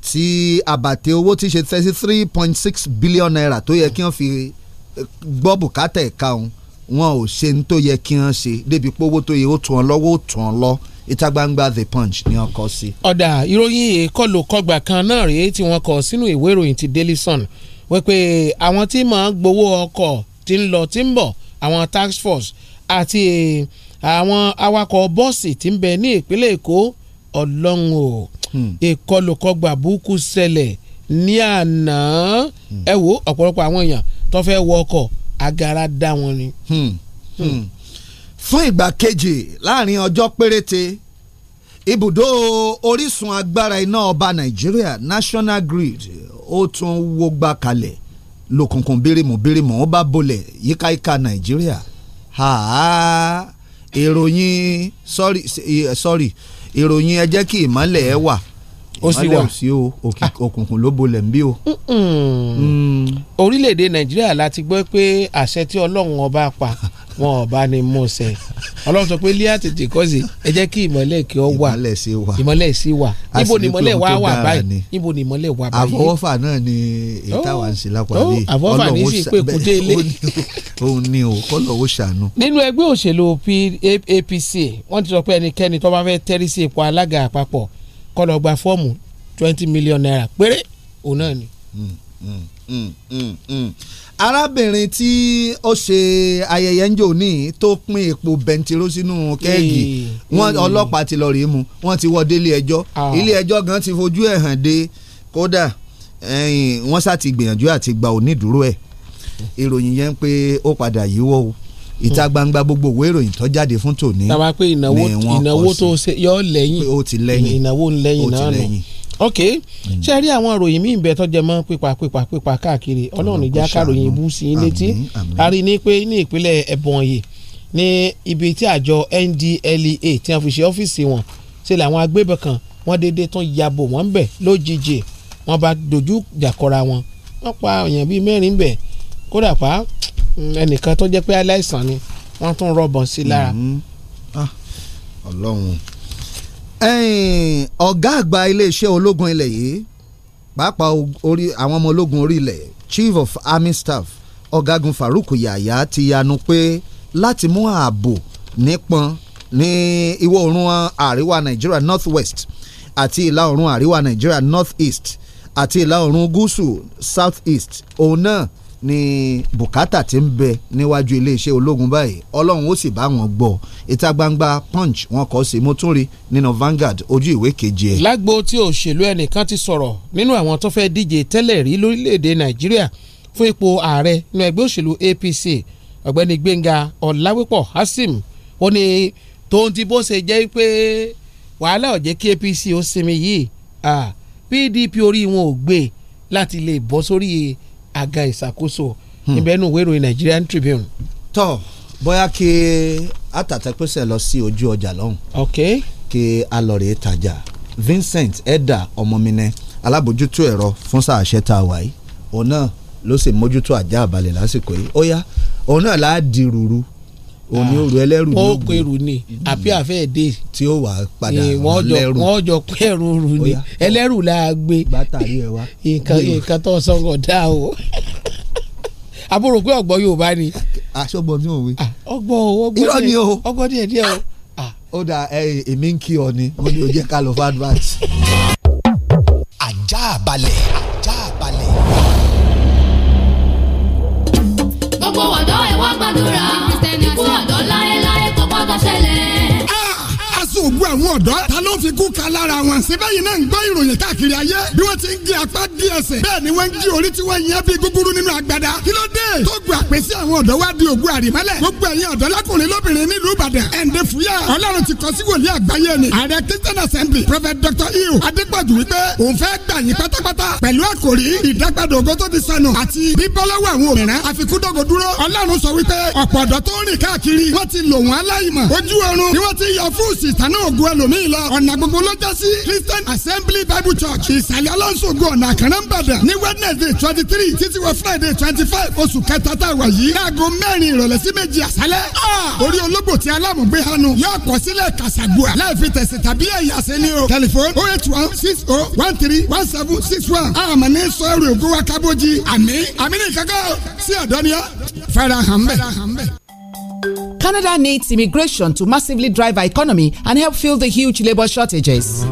tí àbàtẹ owó ti ṣe thirty three point six billion naira tó yẹ kí wọ́n fi gbọ́ bùkátà ẹ̀ka òun wọn ò ṣe ní tó yẹ kí wọ́n ṣe débi pé owó tó yẹ ó tù wọ́n lọ́wọ́ ó tù wọ́n lọ́wọ́ ìta gbangba the punch ni wọ́n kọ sí.
ọ̀dà ìròyìn ìkọlù kọgbà kan náà rèé tí wọ́n kọ sínú ìwé ìròyìn ti Daily Sun wípé àwọn tí máa ń gbowó ọkọ̀ tí ń lọ tí ń bọ̀ àwọn task force àti eh, àwọn awakọ̀ bọ́ọ̀sì tí ń bẹ ní ìpínlẹ̀ Èkó ọlọ́run o hmm. ìkọlù kọgbà burúkú ṣẹlẹ̀ ní àná hmm. ẹ wo ọ̀pọ̀lọpọ̀ àwọn èèyàn tó fẹ́ wọ ọkọ̀ agara dá wọn ni. Hmm. Hmm. Hmm
fún ìgbà kejì láàrin ọjọ́ péréte ibùdó orísun agbára iná ọba nàìjíríà national grid ó tún wó gbá kalẹ̀ lòkùnkùn bírímù bírímù ó bá bolẹ̀ yíkáyíká nàìjíríà ìròyìn sorry sorry ìròyìn ẹ jẹ́ kí ìmọ́lẹ̀ ẹ wà ó sì wà ìmọ̀lẹ̀ òsì o ah. òkùnkùn ló bolẹ̀ ń bí o.
Mm. orílẹ̀-èdè nàìjíríà la ti gbọ́ pé àṣẹ tí ọlọ́run ọba pa wọn ọba ni mú ṣẹ ọlọ́run sọ pé líà tètè kọ́ sí ẹ jẹ́ kí ìmọ̀lẹ̀ kí ọ wà ìmọ̀lẹ̀ sí wà níbo ni ìmọ̀lẹ̀ wa wà báyìí níbo ni ìmọ̀lẹ̀ wà báyìí. àfọwọ́fà náà ni ìtawà ń ṣe lápàdé oh, àfọwọ́fà ní sí pé kúndé ilé.
òun ni o kọ́lọ̀ ó ṣàánú.
nínú ẹgbẹ́ òṣèlú APC wọ́n ti sọ pé ẹnikẹ́ni tó bá fẹ́ tẹ́rí sí ipò alága àpapọ̀ kó lọ gba fọ́ọ̀mù twenty million naira péré òun náà ni.
Mm, mm, mm,
mm, mm.
arábìnrin tí ó ṣe ayẹyẹ ń jò ní tó pín epo bẹntiró sínú kẹ́ẹ̀gì wọn mm. ọlọ́pàá ti lọ rí mu wọ́n ti wọ délé ẹjọ́ ah. ilé ẹjọ́ gan ti fojú ẹ̀ hàn dé kódà wọ́n sá ti gbìyànjú àti gba onídùúró ẹ̀ ìròyìn yẹn ń pé ó padà yíwọ́ o ìta gbangba gbogbo òwe ìròyìn tó jáde fún tòní
ni wọ́n kọ sí. ìnáwó tó yọ lẹ́yìn ó ti lẹ́yìn ìnáwó lẹ́yìn náà nù ok mm. ṣe rí àwọn ìròyìn míì bẹ tọjẹ mọ pípa pípa pípa káàkiri Ọlọ́run ìjà káròyìn ibú sí i létí a rí ní pé ní ìpínlẹ̀ Ebonyi ní ibi tí àjọ NDLEA tí wọ́n fi ṣe ọ́fíìsì wọn ṣe làwọn agbébọn kan wọ́n déédéé tán yabò wọ́n bẹ̀ lójijì wọ́n bá dojú jàkọra wọn wọ́n pa èèyàn bíi mẹ́rin kódà pa Mm, ẹnìkan tó jẹ́ pé aláìsàn ni wọ́n tún rọ̀bọ̀n sí lára. Mm-hmm. Ah, ọlọ́run ọ̀gá
àgbà iléeṣẹ́ ológun ilẹ̀ yìí pàápàá orí àwọn ọmọ ológun orí ilẹ̀ chief of army staff ọ̀gágun Faruk Yahaya ti yanu pé láti mú ààbò nípọn ní ìwọ̀ oòrùn àríwá Nàìjíríà north west àti ìlà oòrùn àríwá Nàìjíríà north east àti ìlà oòrùn gúúsù south east òun náà ní bùkátà tí ń bẹ níwájú iléeṣẹ́ ológun báyìí ọlọ́run ó sì bá wọn
gbọ́ ìta gbangba punch wọn kọ́ sí mo tún rí nínú Vanguard ojú ìwé keje ẹ̀. lágbo tí òṣèlú ẹnìkan ti sọ̀rọ̀ nínú àwọn tó fẹ́ díje tẹ́lẹ̀ rí lórílẹ̀‐èdè Nàìjíríà fún ipò ààrẹ nínú ẹgbẹ́ òṣèlú APC ọ̀gbẹ́ni Gbénga Ọ̀làwípọ̀ Hassim ó ní tóun ti bó ṣe jẹ́ pé wàhálà ò jẹ́ kí APC ó sinmi yìí PDP orí wọn ò gbé láti lè bọ́ sórí àga ìṣàkóso hmm. níbẹ̀ nù wérò Nigerian Tribune. tọ́ bóyá kí
àtàtẹ́pẹ́sẹ̀ lọ sí ojú ọjà lọ́hùn. ok. kí a lọ rèé tajà Vincent Edda ọmọmìnrin alábòjútó ẹ̀rọ fún sáà ṣẹ́ tá a wà yìí òun náà ló sì mójútó àjà àbálẹ̀ lásìkò yìí ó yá òun náà láà di òní òru ẹlẹ́rù ni ó
pẹ̀rù ni àbí àfẹ́ dé tí ó wà padà lẹ́rù wọ́n jọ pẹ̀rù rù ni ẹlẹ́rù la gbé nǹkan tó sọ̀ngọ̀ dá o àbúrò pé ọ̀gbọ́n Yorùbá ni. aṣọ́gbọ́n mi ò wí. Ah, ọgbọ́n o
ọgbọ́n díẹ̀ díẹ̀ o. Ah. ó dà èmi ń kí ọ ni mo ní o jẹ́ ká lọ fún advert.
ajá balẹ̀ ajá balẹ̀.
gbogbo ọ̀dọ́ ẹ̀ wá gbàdúrà.
gbogbo àwọn ọ̀dọ́ ta ló fi kú ka lára wọn. síbẹ̀ yìí náà ń gbọ́ ìròyìn káàkiri ayé bí wọ́n ti ń gé apá di ẹsẹ̀ bẹ́ẹ̀ ni wọ́n ń gé orí tí wọ́n yẹn bí gúgúrú nínú agbada. kí ló dé tó gbà pé sí àwọn ọ̀dọ́ wá di ògùn àrìmọ́lẹ̀ gbogbo ẹ̀yin ọ̀dọ́ lákùnrin lóbìnrin nílùú Ìbàdàn ẹ̀ǹdẹ̀ fúyà Ọlọ́run ti kọ sí wòlíì àgbáyé ni ààrẹ Christian Assembly Prophet Dr. iu Adépọ̀jù wípé òun fẹ́ gbà yín pátápátá pẹ̀lú àkòrí ìdágbàdo ògo tó ti sọnù àti bíbọ́lọ́wọ́ àwọn òmìnira àfikúndógo dúró Ọlọ́run sọ wípé ọ̀pọ̀ ọ̀dọ́ tó ń rìn káàkiri wọ́n ti lò wọ́n aláìmọ̀ ojú oorun ni wọ́n ti yọ fún ìsìtánù ògùn ẹlòmíì lọ ọ̀nà gbogbo ló sí Christian Assembly Bible Church ìsàlẹ̀ Alonso ògùn ọ̀nà àkàrà ń bàdàn ní Wednesday twenty three títí wọ Friday twenty five oṣù kẹta tá a wà yìí láago mẹ́rin ìrọ̀lẹ́ sí méjì àṣálẹ́ orí ológbò tí alámùgbé hanu yóò kọ sílẹ̀ kàṣàgùà láìfi tẹ̀sí tàbí ẹ̀yà sí ni o tẹlifon oh eight one six oh one three one seven six one àmọ́ ní sọ èrè ògùn wa kábòjì àmì àmì nìkankan sí ọ̀dọ́niyà fẹ́ràn hàn
bẹ́ẹ̀. Canada needs immigration to massively drive our economy and help fill the huge labor shortages.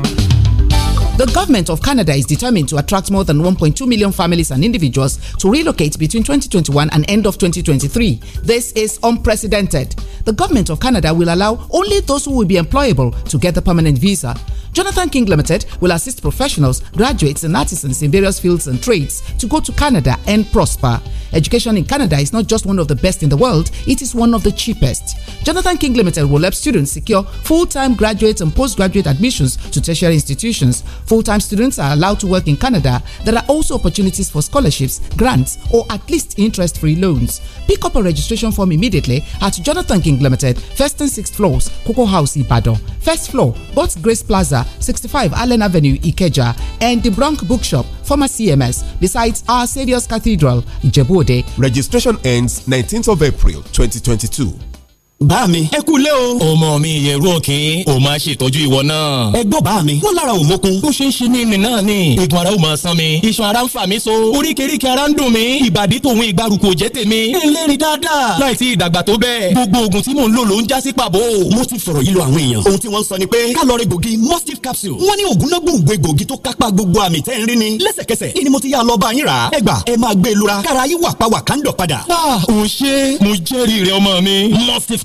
The government of Canada is determined to attract more than 1.2 million families and individuals to relocate between 2021 and end of 2023. This is unprecedented. The government of Canada will allow only those who will be employable to get a permanent visa. Jonathan King Limited will assist professionals, graduates, and artisans in various fields and trades to go to Canada and prosper. Education in Canada is not just one of the best in the world, it is one of the cheapest. Jonathan King Limited will help students secure full time graduate and postgraduate admissions to tertiary institutions. Full time students are allowed to work in Canada. There are also opportunities for scholarships, grants, or at least interest free loans. Pick up a registration form immediately at Jonathan King Limited, first and sixth floors, Coco House, Ibadan. First floor, God's Grace Plaza, 65 Allen Avenue, Ikeja, and the Bronx Bookshop, former CMS, besides Our Saviour's Cathedral, Ijebu Ode. Registration ends 19th of April 2022 bá mi. ẹ
kú
lé o. ọmọ mi yẹn rú òkín o máa ṣètọ́jú ìwọ náà. ẹ gbọ́
bá mi. wọ́n lára ò mókun. ó ṣe ń ṣe ní ìrìn náà ni. eegun ara ò máa san mi. iṣan ara ń fà mí so. oríkèéríkè ara ń dùn mí. ìbàdí tòun ìgbàrúkọ jẹ́ tèmi. ẹlẹ́rìí dáadáa. láì sí ìdàgbà tó bẹ́ẹ̀. gbogbo oògùn tí mò ń lò ló ń já sí pàbó. mo ti fọ̀rọ̀ yìí lọ àwọn èèyàn. ohun tí wọ́n sọ ni pé kálọ̀rì mostif capsule. wọ́n ní oògùn náà gbòǹgbò egbògi tó kápá gbogbo àmì tẹ́ ń rí ni. lẹ́sẹ̀kẹsẹ̀ e lura. kára yín wà pa ah òun ṣe mo mostif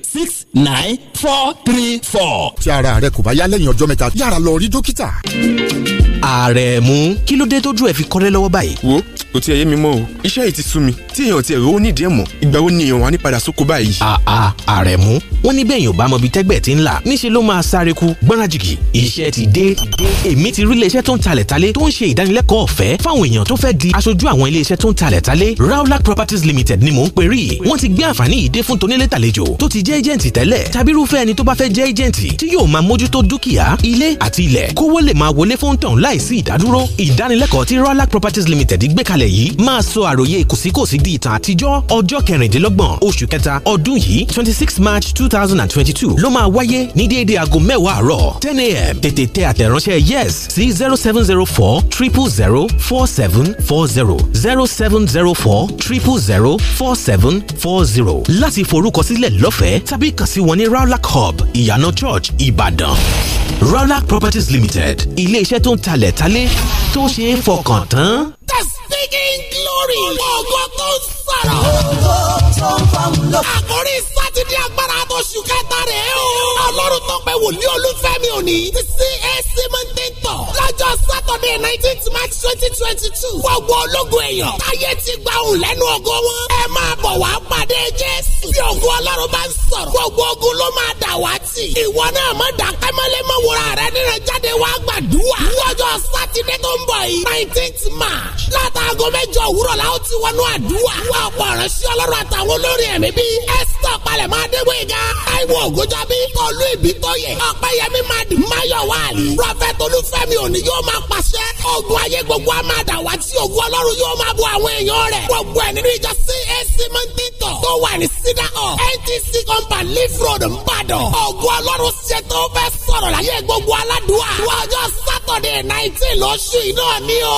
six nine four three four. tí ara rẹ kò bá yá lẹ́yìn ọjọ́ mẹ́ta yára lọ rí dókítà. Àrẹ̀mú kí ló dé tójú ẹ̀ fi kọ́rẹ́ lọ́wọ́ báyìí. wo kò tiẹ̀ yé mi mọ́ o iṣẹ́ yìí ti sú mi tí èèyàn tiẹ̀ rówó nídìí ẹ̀ mọ̀ ìgbà wo ni èèyàn wà ní padà sóko báyìí. àà Àrẹ̀mú wọn ní bẹ́ẹ̀ yóò bá mọbi tẹ́gbẹ́ tí ń là níṣẹ́ ló máa sáré ku gbọ́nrajìkì iṣẹ́ ti dé. èmi ti rí iléeṣẹ́ tó ń talẹ̀ talé tó ń ṣe ìdánilẹ́kọ̀ọ́ ọ̀fẹ́ fáwọn èèyàn tó fẹ́ di aṣojú àwọn iléeṣẹ́ tó ń talẹ̀ talé Raulac Properties Limited ni mò ń perí wọ́n ti gbé àǹfààní yìí dé fún tonílé tàlejò tó ti jẹ́ agent tẹ́lẹ̀ tàbí irúfẹ́ ẹni tó bá fẹ́ jẹ́ agent tí yóò máa mójútó dúkìá ilé àti ilẹ̀ kówó lè máa wọlé fún tàn láìsí ìdádúró ìdánilẹ́kọ̀ọ́ tí Rawlac Properties Limited gbé kalẹ̀ yìí máa sọ àròyé kòsíkòsí di ìtàn àtijọ́ ọjọ́ kẹrìndínlọ́gbọ̀n oṣù kẹta ọdún yìí twenty six march two thousand and twenty two ló máa wáyé ní déédéé aago mẹ́wàá àárọ̀ ten a.m. tètè tẹ àtẹ̀ránṣẹ́ yes sí zero seven zero four triple zero four seven four zero zero seven zero four triple zero four seven four zero láti forúkọsílẹ̀ lọ́fẹ̀ẹ́ tàbí kàn sí wọn ní Rawlac Hub ìyànà Church Ìbàdàn. Rawlac Properties Limited ilé iṣẹ́ tó ń talẹ̀ talé tó ṣe é fọkàn tán.
The singing glory ọgọ́ tó ń sọ̀rọ̀. ọgọ́ tó ń fa wù lọ. àkórí sátidé agbára àtọ̀ṣù kẹta rẹ̀ o. ọlọ́run tó pẹ́ wòlíì olúfẹ́mi òní. ti CAC mọ́tẹ́tọ̀. lọ́jọ́ sátọ̀dẹ̀ nineteenth march twenty twenty two. gbogbo ológun èèyàn. táyé ti gba òun lẹ́nu ògo wọn. ẹ máa bọ̀ wá pa ogun ọlọ́run bá ń sọ̀rọ̀ gbogbo ogun ló máa dà wá tì. ìwọ náà má dà kámẹ́lẹ́ mọ́ wúra rẹ nínú jáde wá gbàdúrà. lọ́jọ́ sátidé tó ń bọ̀ yìí nineteenth march látàgọ́ mẹ́jọ òwúrọ̀ la ó ti wọnú àdúrà. wọ́n ọ̀pọ̀ ọ̀rọ̀ sí ọlọ́run àtàwọn olórí ẹ̀mí bí tọ́lú ìbí máa pàṣẹ ogun ayé gbogbo amáda wá tí ogun ọlọ́run yóò máa bu bọ̀. ntc compound leaf road nìbàdàn. ọ̀gbọ́n ọlọ́run ṣe tó fẹ́ sọ̀rọ̀ láyé gbogbo aládùúwà. wájọ sátọ̀dẹ̀ nineteen lóṣù iná ni o.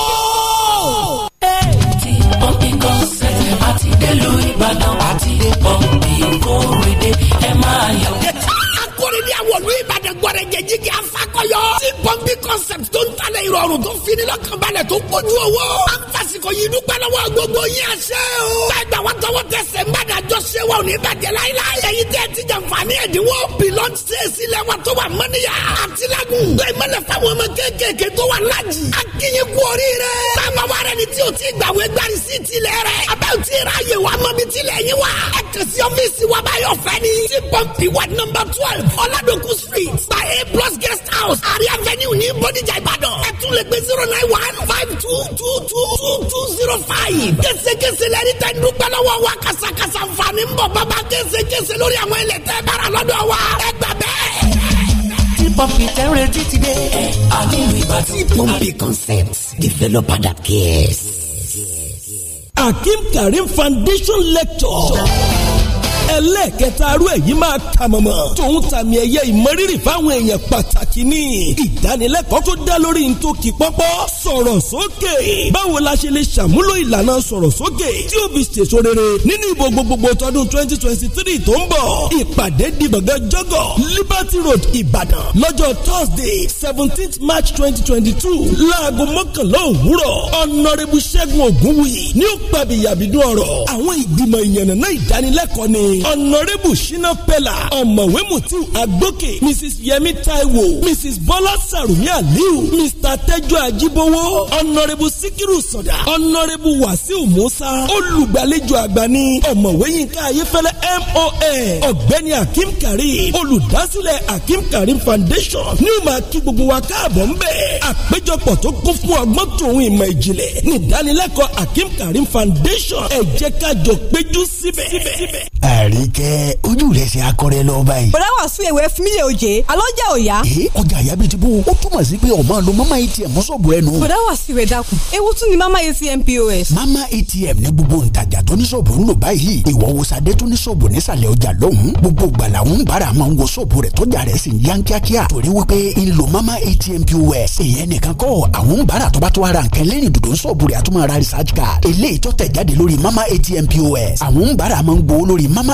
ti pọ́ǹpì concept àti délùú ìbàdàn àti pọ́ǹpì kórèdè ẹ máa yọ̀ lórí ní àwọn olú ìbàdàn gbọ́dọ̀ jẹ́jì kí afakọyọ. tí pọ́ńpì concept tó ń talẹ̀ ìrọ̀rùn tó fini lọ́kànbalẹ̀ tó kojú owó. an fasikọ yìí dúpẹ́ lọ́wọ́ gbogbo yín àṣẹ o. gbàgbà wa tọwọ́ tẹsẹ̀ ń bàdà jọ ṣé wa ò ní bàjẹ́ láíláí. èyí tẹ́ ti jàǹfààní ẹ̀dínwó bilọ́n ṣe é sílẹ̀ wa tó wà mọ́níyà. àtìlágùn tó ìmọ̀lẹ̀ fáwọn ọmọ kéékèèké a kì í kú oríire. bàbá wa rẹ ni tí o ti gbàwé gbàrí sí tilẹ̀ rẹ. abẹ́ ò ti ra yè wa mọ́ bí tilẹ̀ yín wa. ẹ kàn sí ọ́fíìsì wa báyọ̀ ọ̀làdọ̀kù street by a plus guest house àrí avenue ní bodijà ìbàdàn ẹ tún lè gbé zero nine one five two two two two two zero five késekése lẹ́ni tẹ́ ń dúpẹ́ lọ́wọ́ wa kàṣàkàṣà nfààní ń bọ̀ bàbá késekése lórí àwọn ilẹ̀ tẹ́ bára lọ́dọ̀ wa ẹ gbà bẹ́ẹ̀
pọ́ǹpì tẹ́rẹ̀ jí ti dé. ẹ a nílùú ìbàdàn. tí pọ́ǹpì concepts developer that cares. akim karim foundation lecture ẹlẹ́ẹ̀kẹta arú ẹ̀ yìí máa ta mọ̀mọ́ tòun tàmì ẹ̀yẹ ìmọ̀rírì fáwọn èèyàn pàtàkì ní ìdánilẹ́kọ̀ọ́ tó dá lórí ntòkì pọ́pọ́ sọ̀rọ̀ sókè báwo la ṣe lè ṣàmúlò ìlànà sọ̀rọ̀ sókè tí ó fi ṣèso rere nínú ìbò gbogbogbò tọdún twenty twenty three tó ń bọ̀ ìpàdé di gbọ̀ngàn jọ́gọ̀ Liberty Road Ìbàdàn lọ́jọ́ Thursday seventeenth March twenty twenty two láago mọ́kànlá òwúrọ̀ ọ̀nàrẹ́bù Ṣẹ́gun Ògúnwùyí ní ó pàbíyàbídún ọ̀rọ̀ àwọn ìgbìmọ̀ ìyànnà ìdánilẹ́kọ̀ọ́ ni honourable shina pella ọ̀mọ̀wé mutiu agbókè mrs yemi taiwo mrs bọ́lá sàrùmí aliu mr tẹ́jọ́ ajíbówó honourable sikiru sọ̀dà honourable wàsíù musa olùgbàlejò àgbà ni ọ̀mọ̀wé yínká ayéfẹ́lẹ́ mon ọ̀gbẹ́ni akim karim olùdásílẹ̀ akim karim foundation ní o máa kí gbogbo wa káàbọ̀ ń bẹ̀ àpéjọpọ̀ tó kún fún ọgbọ́n tòun ìmọ̀ ìjìnlẹ̀ ní akim karim foundation ẹ jẹ́ ká jọ péjú síbẹ̀
àríkẹ́ ojú rẹ̀ ṣe akọrẹ lọ báyìí. bọ̀dá wà sún ewé fún mi lè oje alọ́ jẹ́ òya. ee ọjà àyà bíi ti bó o túmọ̀ sí pé ọmọ lo mama atm sọ̀bù ẹnu. bọ̀dá wà sí ìwé dákun ewu tún ni mama atm pos. mama atm ní gbogbo ntajà tó ní sọ̀bù ń lò báyìí ìwọ wo sadé tó ní sọ̀bù nísàlẹ̀ ọjà lọ́hùn gbogbo gbala ń bára máa ń wo sọ̀bù rẹ̀ tọ́jà rẹ̀ sì ń yan kíákíá torí wípé ń lo mama atm pos èèyàn nìkan kọ́ àwọn bára tó bá tó ara nǹkan lẹ́yìn dòdò ń sọ̀bù card eléyìí tó tẹ̀ jáde lórí mama atm pos àwọn bára máa mama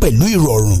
pẹ̀lú ìrọ̀rùn.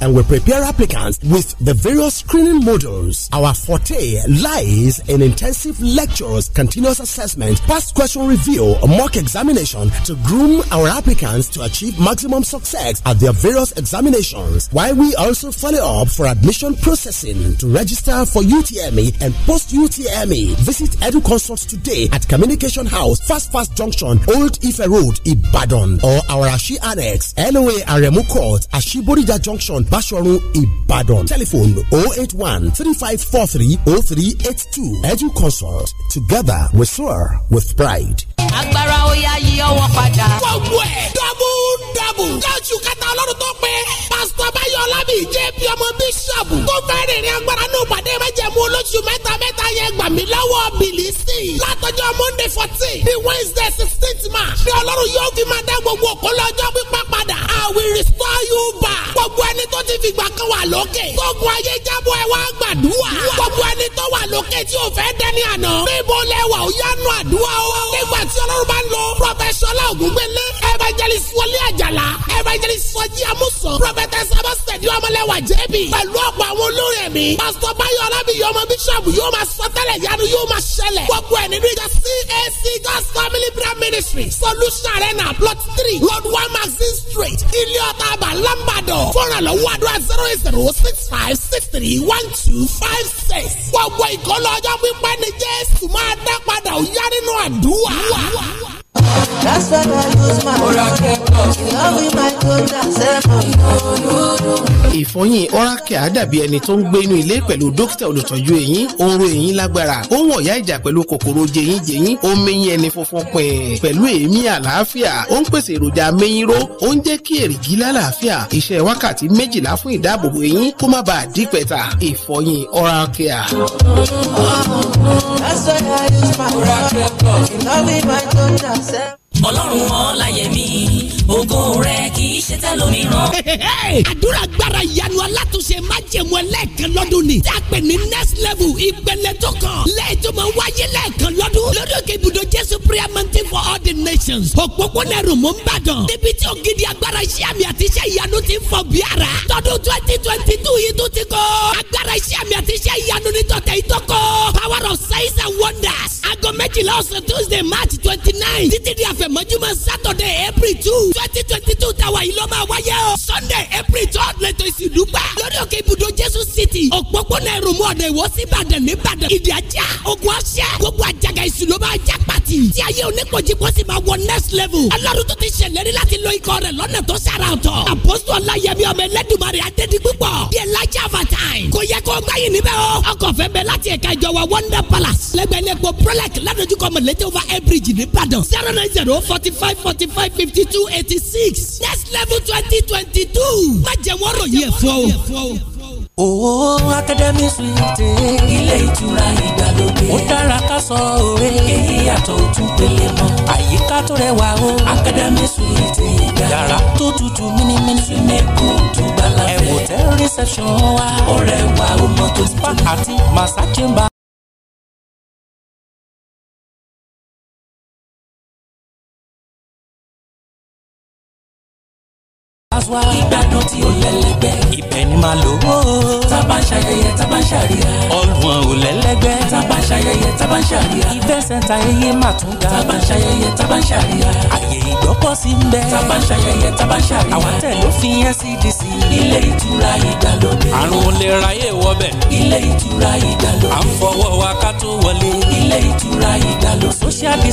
and we prepare applicants with the various screening modules. Our forte lies in intensive lectures, continuous assessment, past question review, mock examination to groom our applicants to achieve maximum success at their various examinations. While we also follow up for admission processing to register for UTME and post UTME, visit EduConsult today at Communication House, Fast Fast Junction, Old Ife Road, Ibadan, or our Ashi Annex, LOA Aremu Court, Ashibodija Junction, Basharun Ibadan. Telephone 081 3543 0382. Edu Consult. Together we soar with pride
agbára ó yá yí ọwọ́ padà. gbogbo ẹ̀ dọ́bù dọ́bù. lọ́sù kata ọlọ́run tó pé pásítọ̀ báyọ̀ ọlábì jẹ́ bí ọmọ bíṣọ̀bù. tó fẹ́ rìnrìn agbára ní ìpàdé májẹ̀mú olóṣù mẹ́ta mẹ́ta yẹn gbà mí lọ́wọ́ bìlísì. látọjọ́ monday fourteen ní wednesday sixteenth march. ní ọlọ́run yóò fi máa dá gbogbo òkú lọ́jọ́ pípa padà. i will restore you back. gbogbo ẹni tó ti fìgbà kan wà lókè. gbogbo ayé jábọ̀ ẹ wá gbàdúrà. gbogbo ẹni tó wà lókè tí ò fẹ́ dẹ́ni àná. níbo lẹ wà ó tí tí ọlọ́run bá ń lo pọfẹsọlá ògúngbélé evangelist wọlé àjàlá evangelist sọjí amúsàn prophetess abọ́sẹ̀dí ọmọlẹ́wà jẹ́bi pẹ̀lú ọ̀pọ̀ àwọn olórin ẹ̀mí Pastor Bayo, ọlábìyí ọmọ bíṣọ̀bù yóò máa sọ tẹ́lẹ̀ yanu yóò máa ṣẹlẹ̀ gbogbo ẹ̀ nínú ìjọ CAC God's Family Prime Ministry Solution Arena plot three road one Maxine street ilé ọ̀tá àbá lambadọ̀ fọ́nrán lọ́wọ́ àdúrà zero eight zero six five six three one two five six gbogbo ìkọlù ọjọ́ pípẹ́ ni Jésù máa dá padà ó yá nínú àdúrà. That's why I lose my oracle. You
love
me, my good, that's
ìfọyín oracle àdàbí ẹni tó ń gbé inú ilé pẹ̀lú dókítà olùtọ́jú eyín ó ń ro eyín lágbára ó ń wọ̀yá ìjà pẹ̀lú kòkòrò jẹyínjẹyín ó ń mẹyín ẹni funfun pin pẹ̀lú èémí àlàáfíà ó ń pèsè èròjà mẹyìnró ó ń jẹ́ kí èrìgì lálàáfíà iṣẹ́ wákàtí méjìlá fún ìdáàbòbò eyín kó má bàa dípẹ̀ta
ìfọyín oracle.
That's why I use my
rocket
block. You know my daughter. ọlọ́run ọláyẹmí ògo rẹ kì í ṣe tẹlòmíràn. àdúrà gbára ìyanu alátúnṣe májèmú ẹlẹ́ẹ̀kan lọ́dún ni tí a pè ní next level ìpele tó kàn lẹ́ẹ̀tọ́ máa wáyé lẹ́ẹ̀kan lọ́dún lórí òkè ibùdó jésù prayer mountain for all the nations òpópónà ẹ̀rù mú nbàdàn níbi tí ògidì agbára iṣẹ́ àmì àti iṣẹ́ ìyanu ti ń fọ bí ara tọdún twenty twenty two yìí tó ti kọ́ agbára iṣẹ́ àmì àti iṣẹ́ ìyanu ní tọ̀tẹ̀ yìí tó kọ́ power of signs and wonders aago méjìlá ọ̀sán tuesday march twenty nine títí àfẹ̀mọ́júmọ́ sátọ̀dẹ̀ april two twenty twenty two tàwa yìí ló máa wáyé o sunday april third lẹ́tọ̀ ìsìndúgba lórí òkè ibùdó jésù city òpópónà ẹ̀rùmú ọ̀nà ìwọ sí ìbàdàn ní ìbàdàn ìdí ajá ogun ọ̀ṣẹ́ gbogbo àjàgà ìsìn ló máa já pàtì tí ayé oníkojúkọ sì máa wọ next level ọlọ́run tó ti ṣèlérí láti lo ikọ̀ rẹ̀ lọ́nà tó ṣàrà ọ̀tọ̀ àpòsù ọláyẹmí ọmọ ẹlẹ́dùnmarè adédìgbùpọ̀ the elijah of our time kò yẹ kó gbáyé níbẹ̀ o ọkọ̀ fẹ́ bẹ láti ẹ̀ka ìjọ wa wonder palace lẹ́gbẹ̀ẹ́ lẹ́gbọ̀ prolec ládojúkọ mọ̀lẹ́tẹ̀ over air bridge ní ìbàdàn zero nine zero forty five forty five fifty two eighty six next level twenty twenty two májẹ̀wọ́ ròyìn ẹ̀fọ́ o. Owó Akademi Suite. Ilé ìtura ìgbàlódé. Ó dára ká sọ òwe.
Èyí yàtọ̀ òtún pélé mọ́. Àyíká tó rẹwà o. Akademi Suite
ìgbà. Yàrá
tó tutù mímímí.
Súnmẹ́kù tó fẹ́. Ẹ̀wò
tẹ́ reception wa. Ọ̀rẹ́
wa ó mọ Spa àti Massa Chamber. wá. ìgbádùn tí ó lẹ́lẹ́gbẹ́. ibẹ̀ ni màá lò ó. tábà ń
ṣayẹyẹ tábà ń ṣàríyá. ọlùwọ̀n ò lẹ́lẹ́gbẹ́. tábà ń ṣayẹyẹ tábà ń ṣàríyá. ìfẹ́ sẹ́ńtà ẹyẹ mà tún ga. tábà ń ṣayẹyẹ tábà ń ṣàríyá. àyè ìgbọ́kọ̀ àwọn
tẹ̀ fi NCDC.
E ilé ìtura ìdàlódé. àrùn olè ráyè
wọbẹ̀. ilé ìtura ìdàlódé. à ń fọwọ́ wa ká tó wọlé. ilé ìtura ìdàlódé. social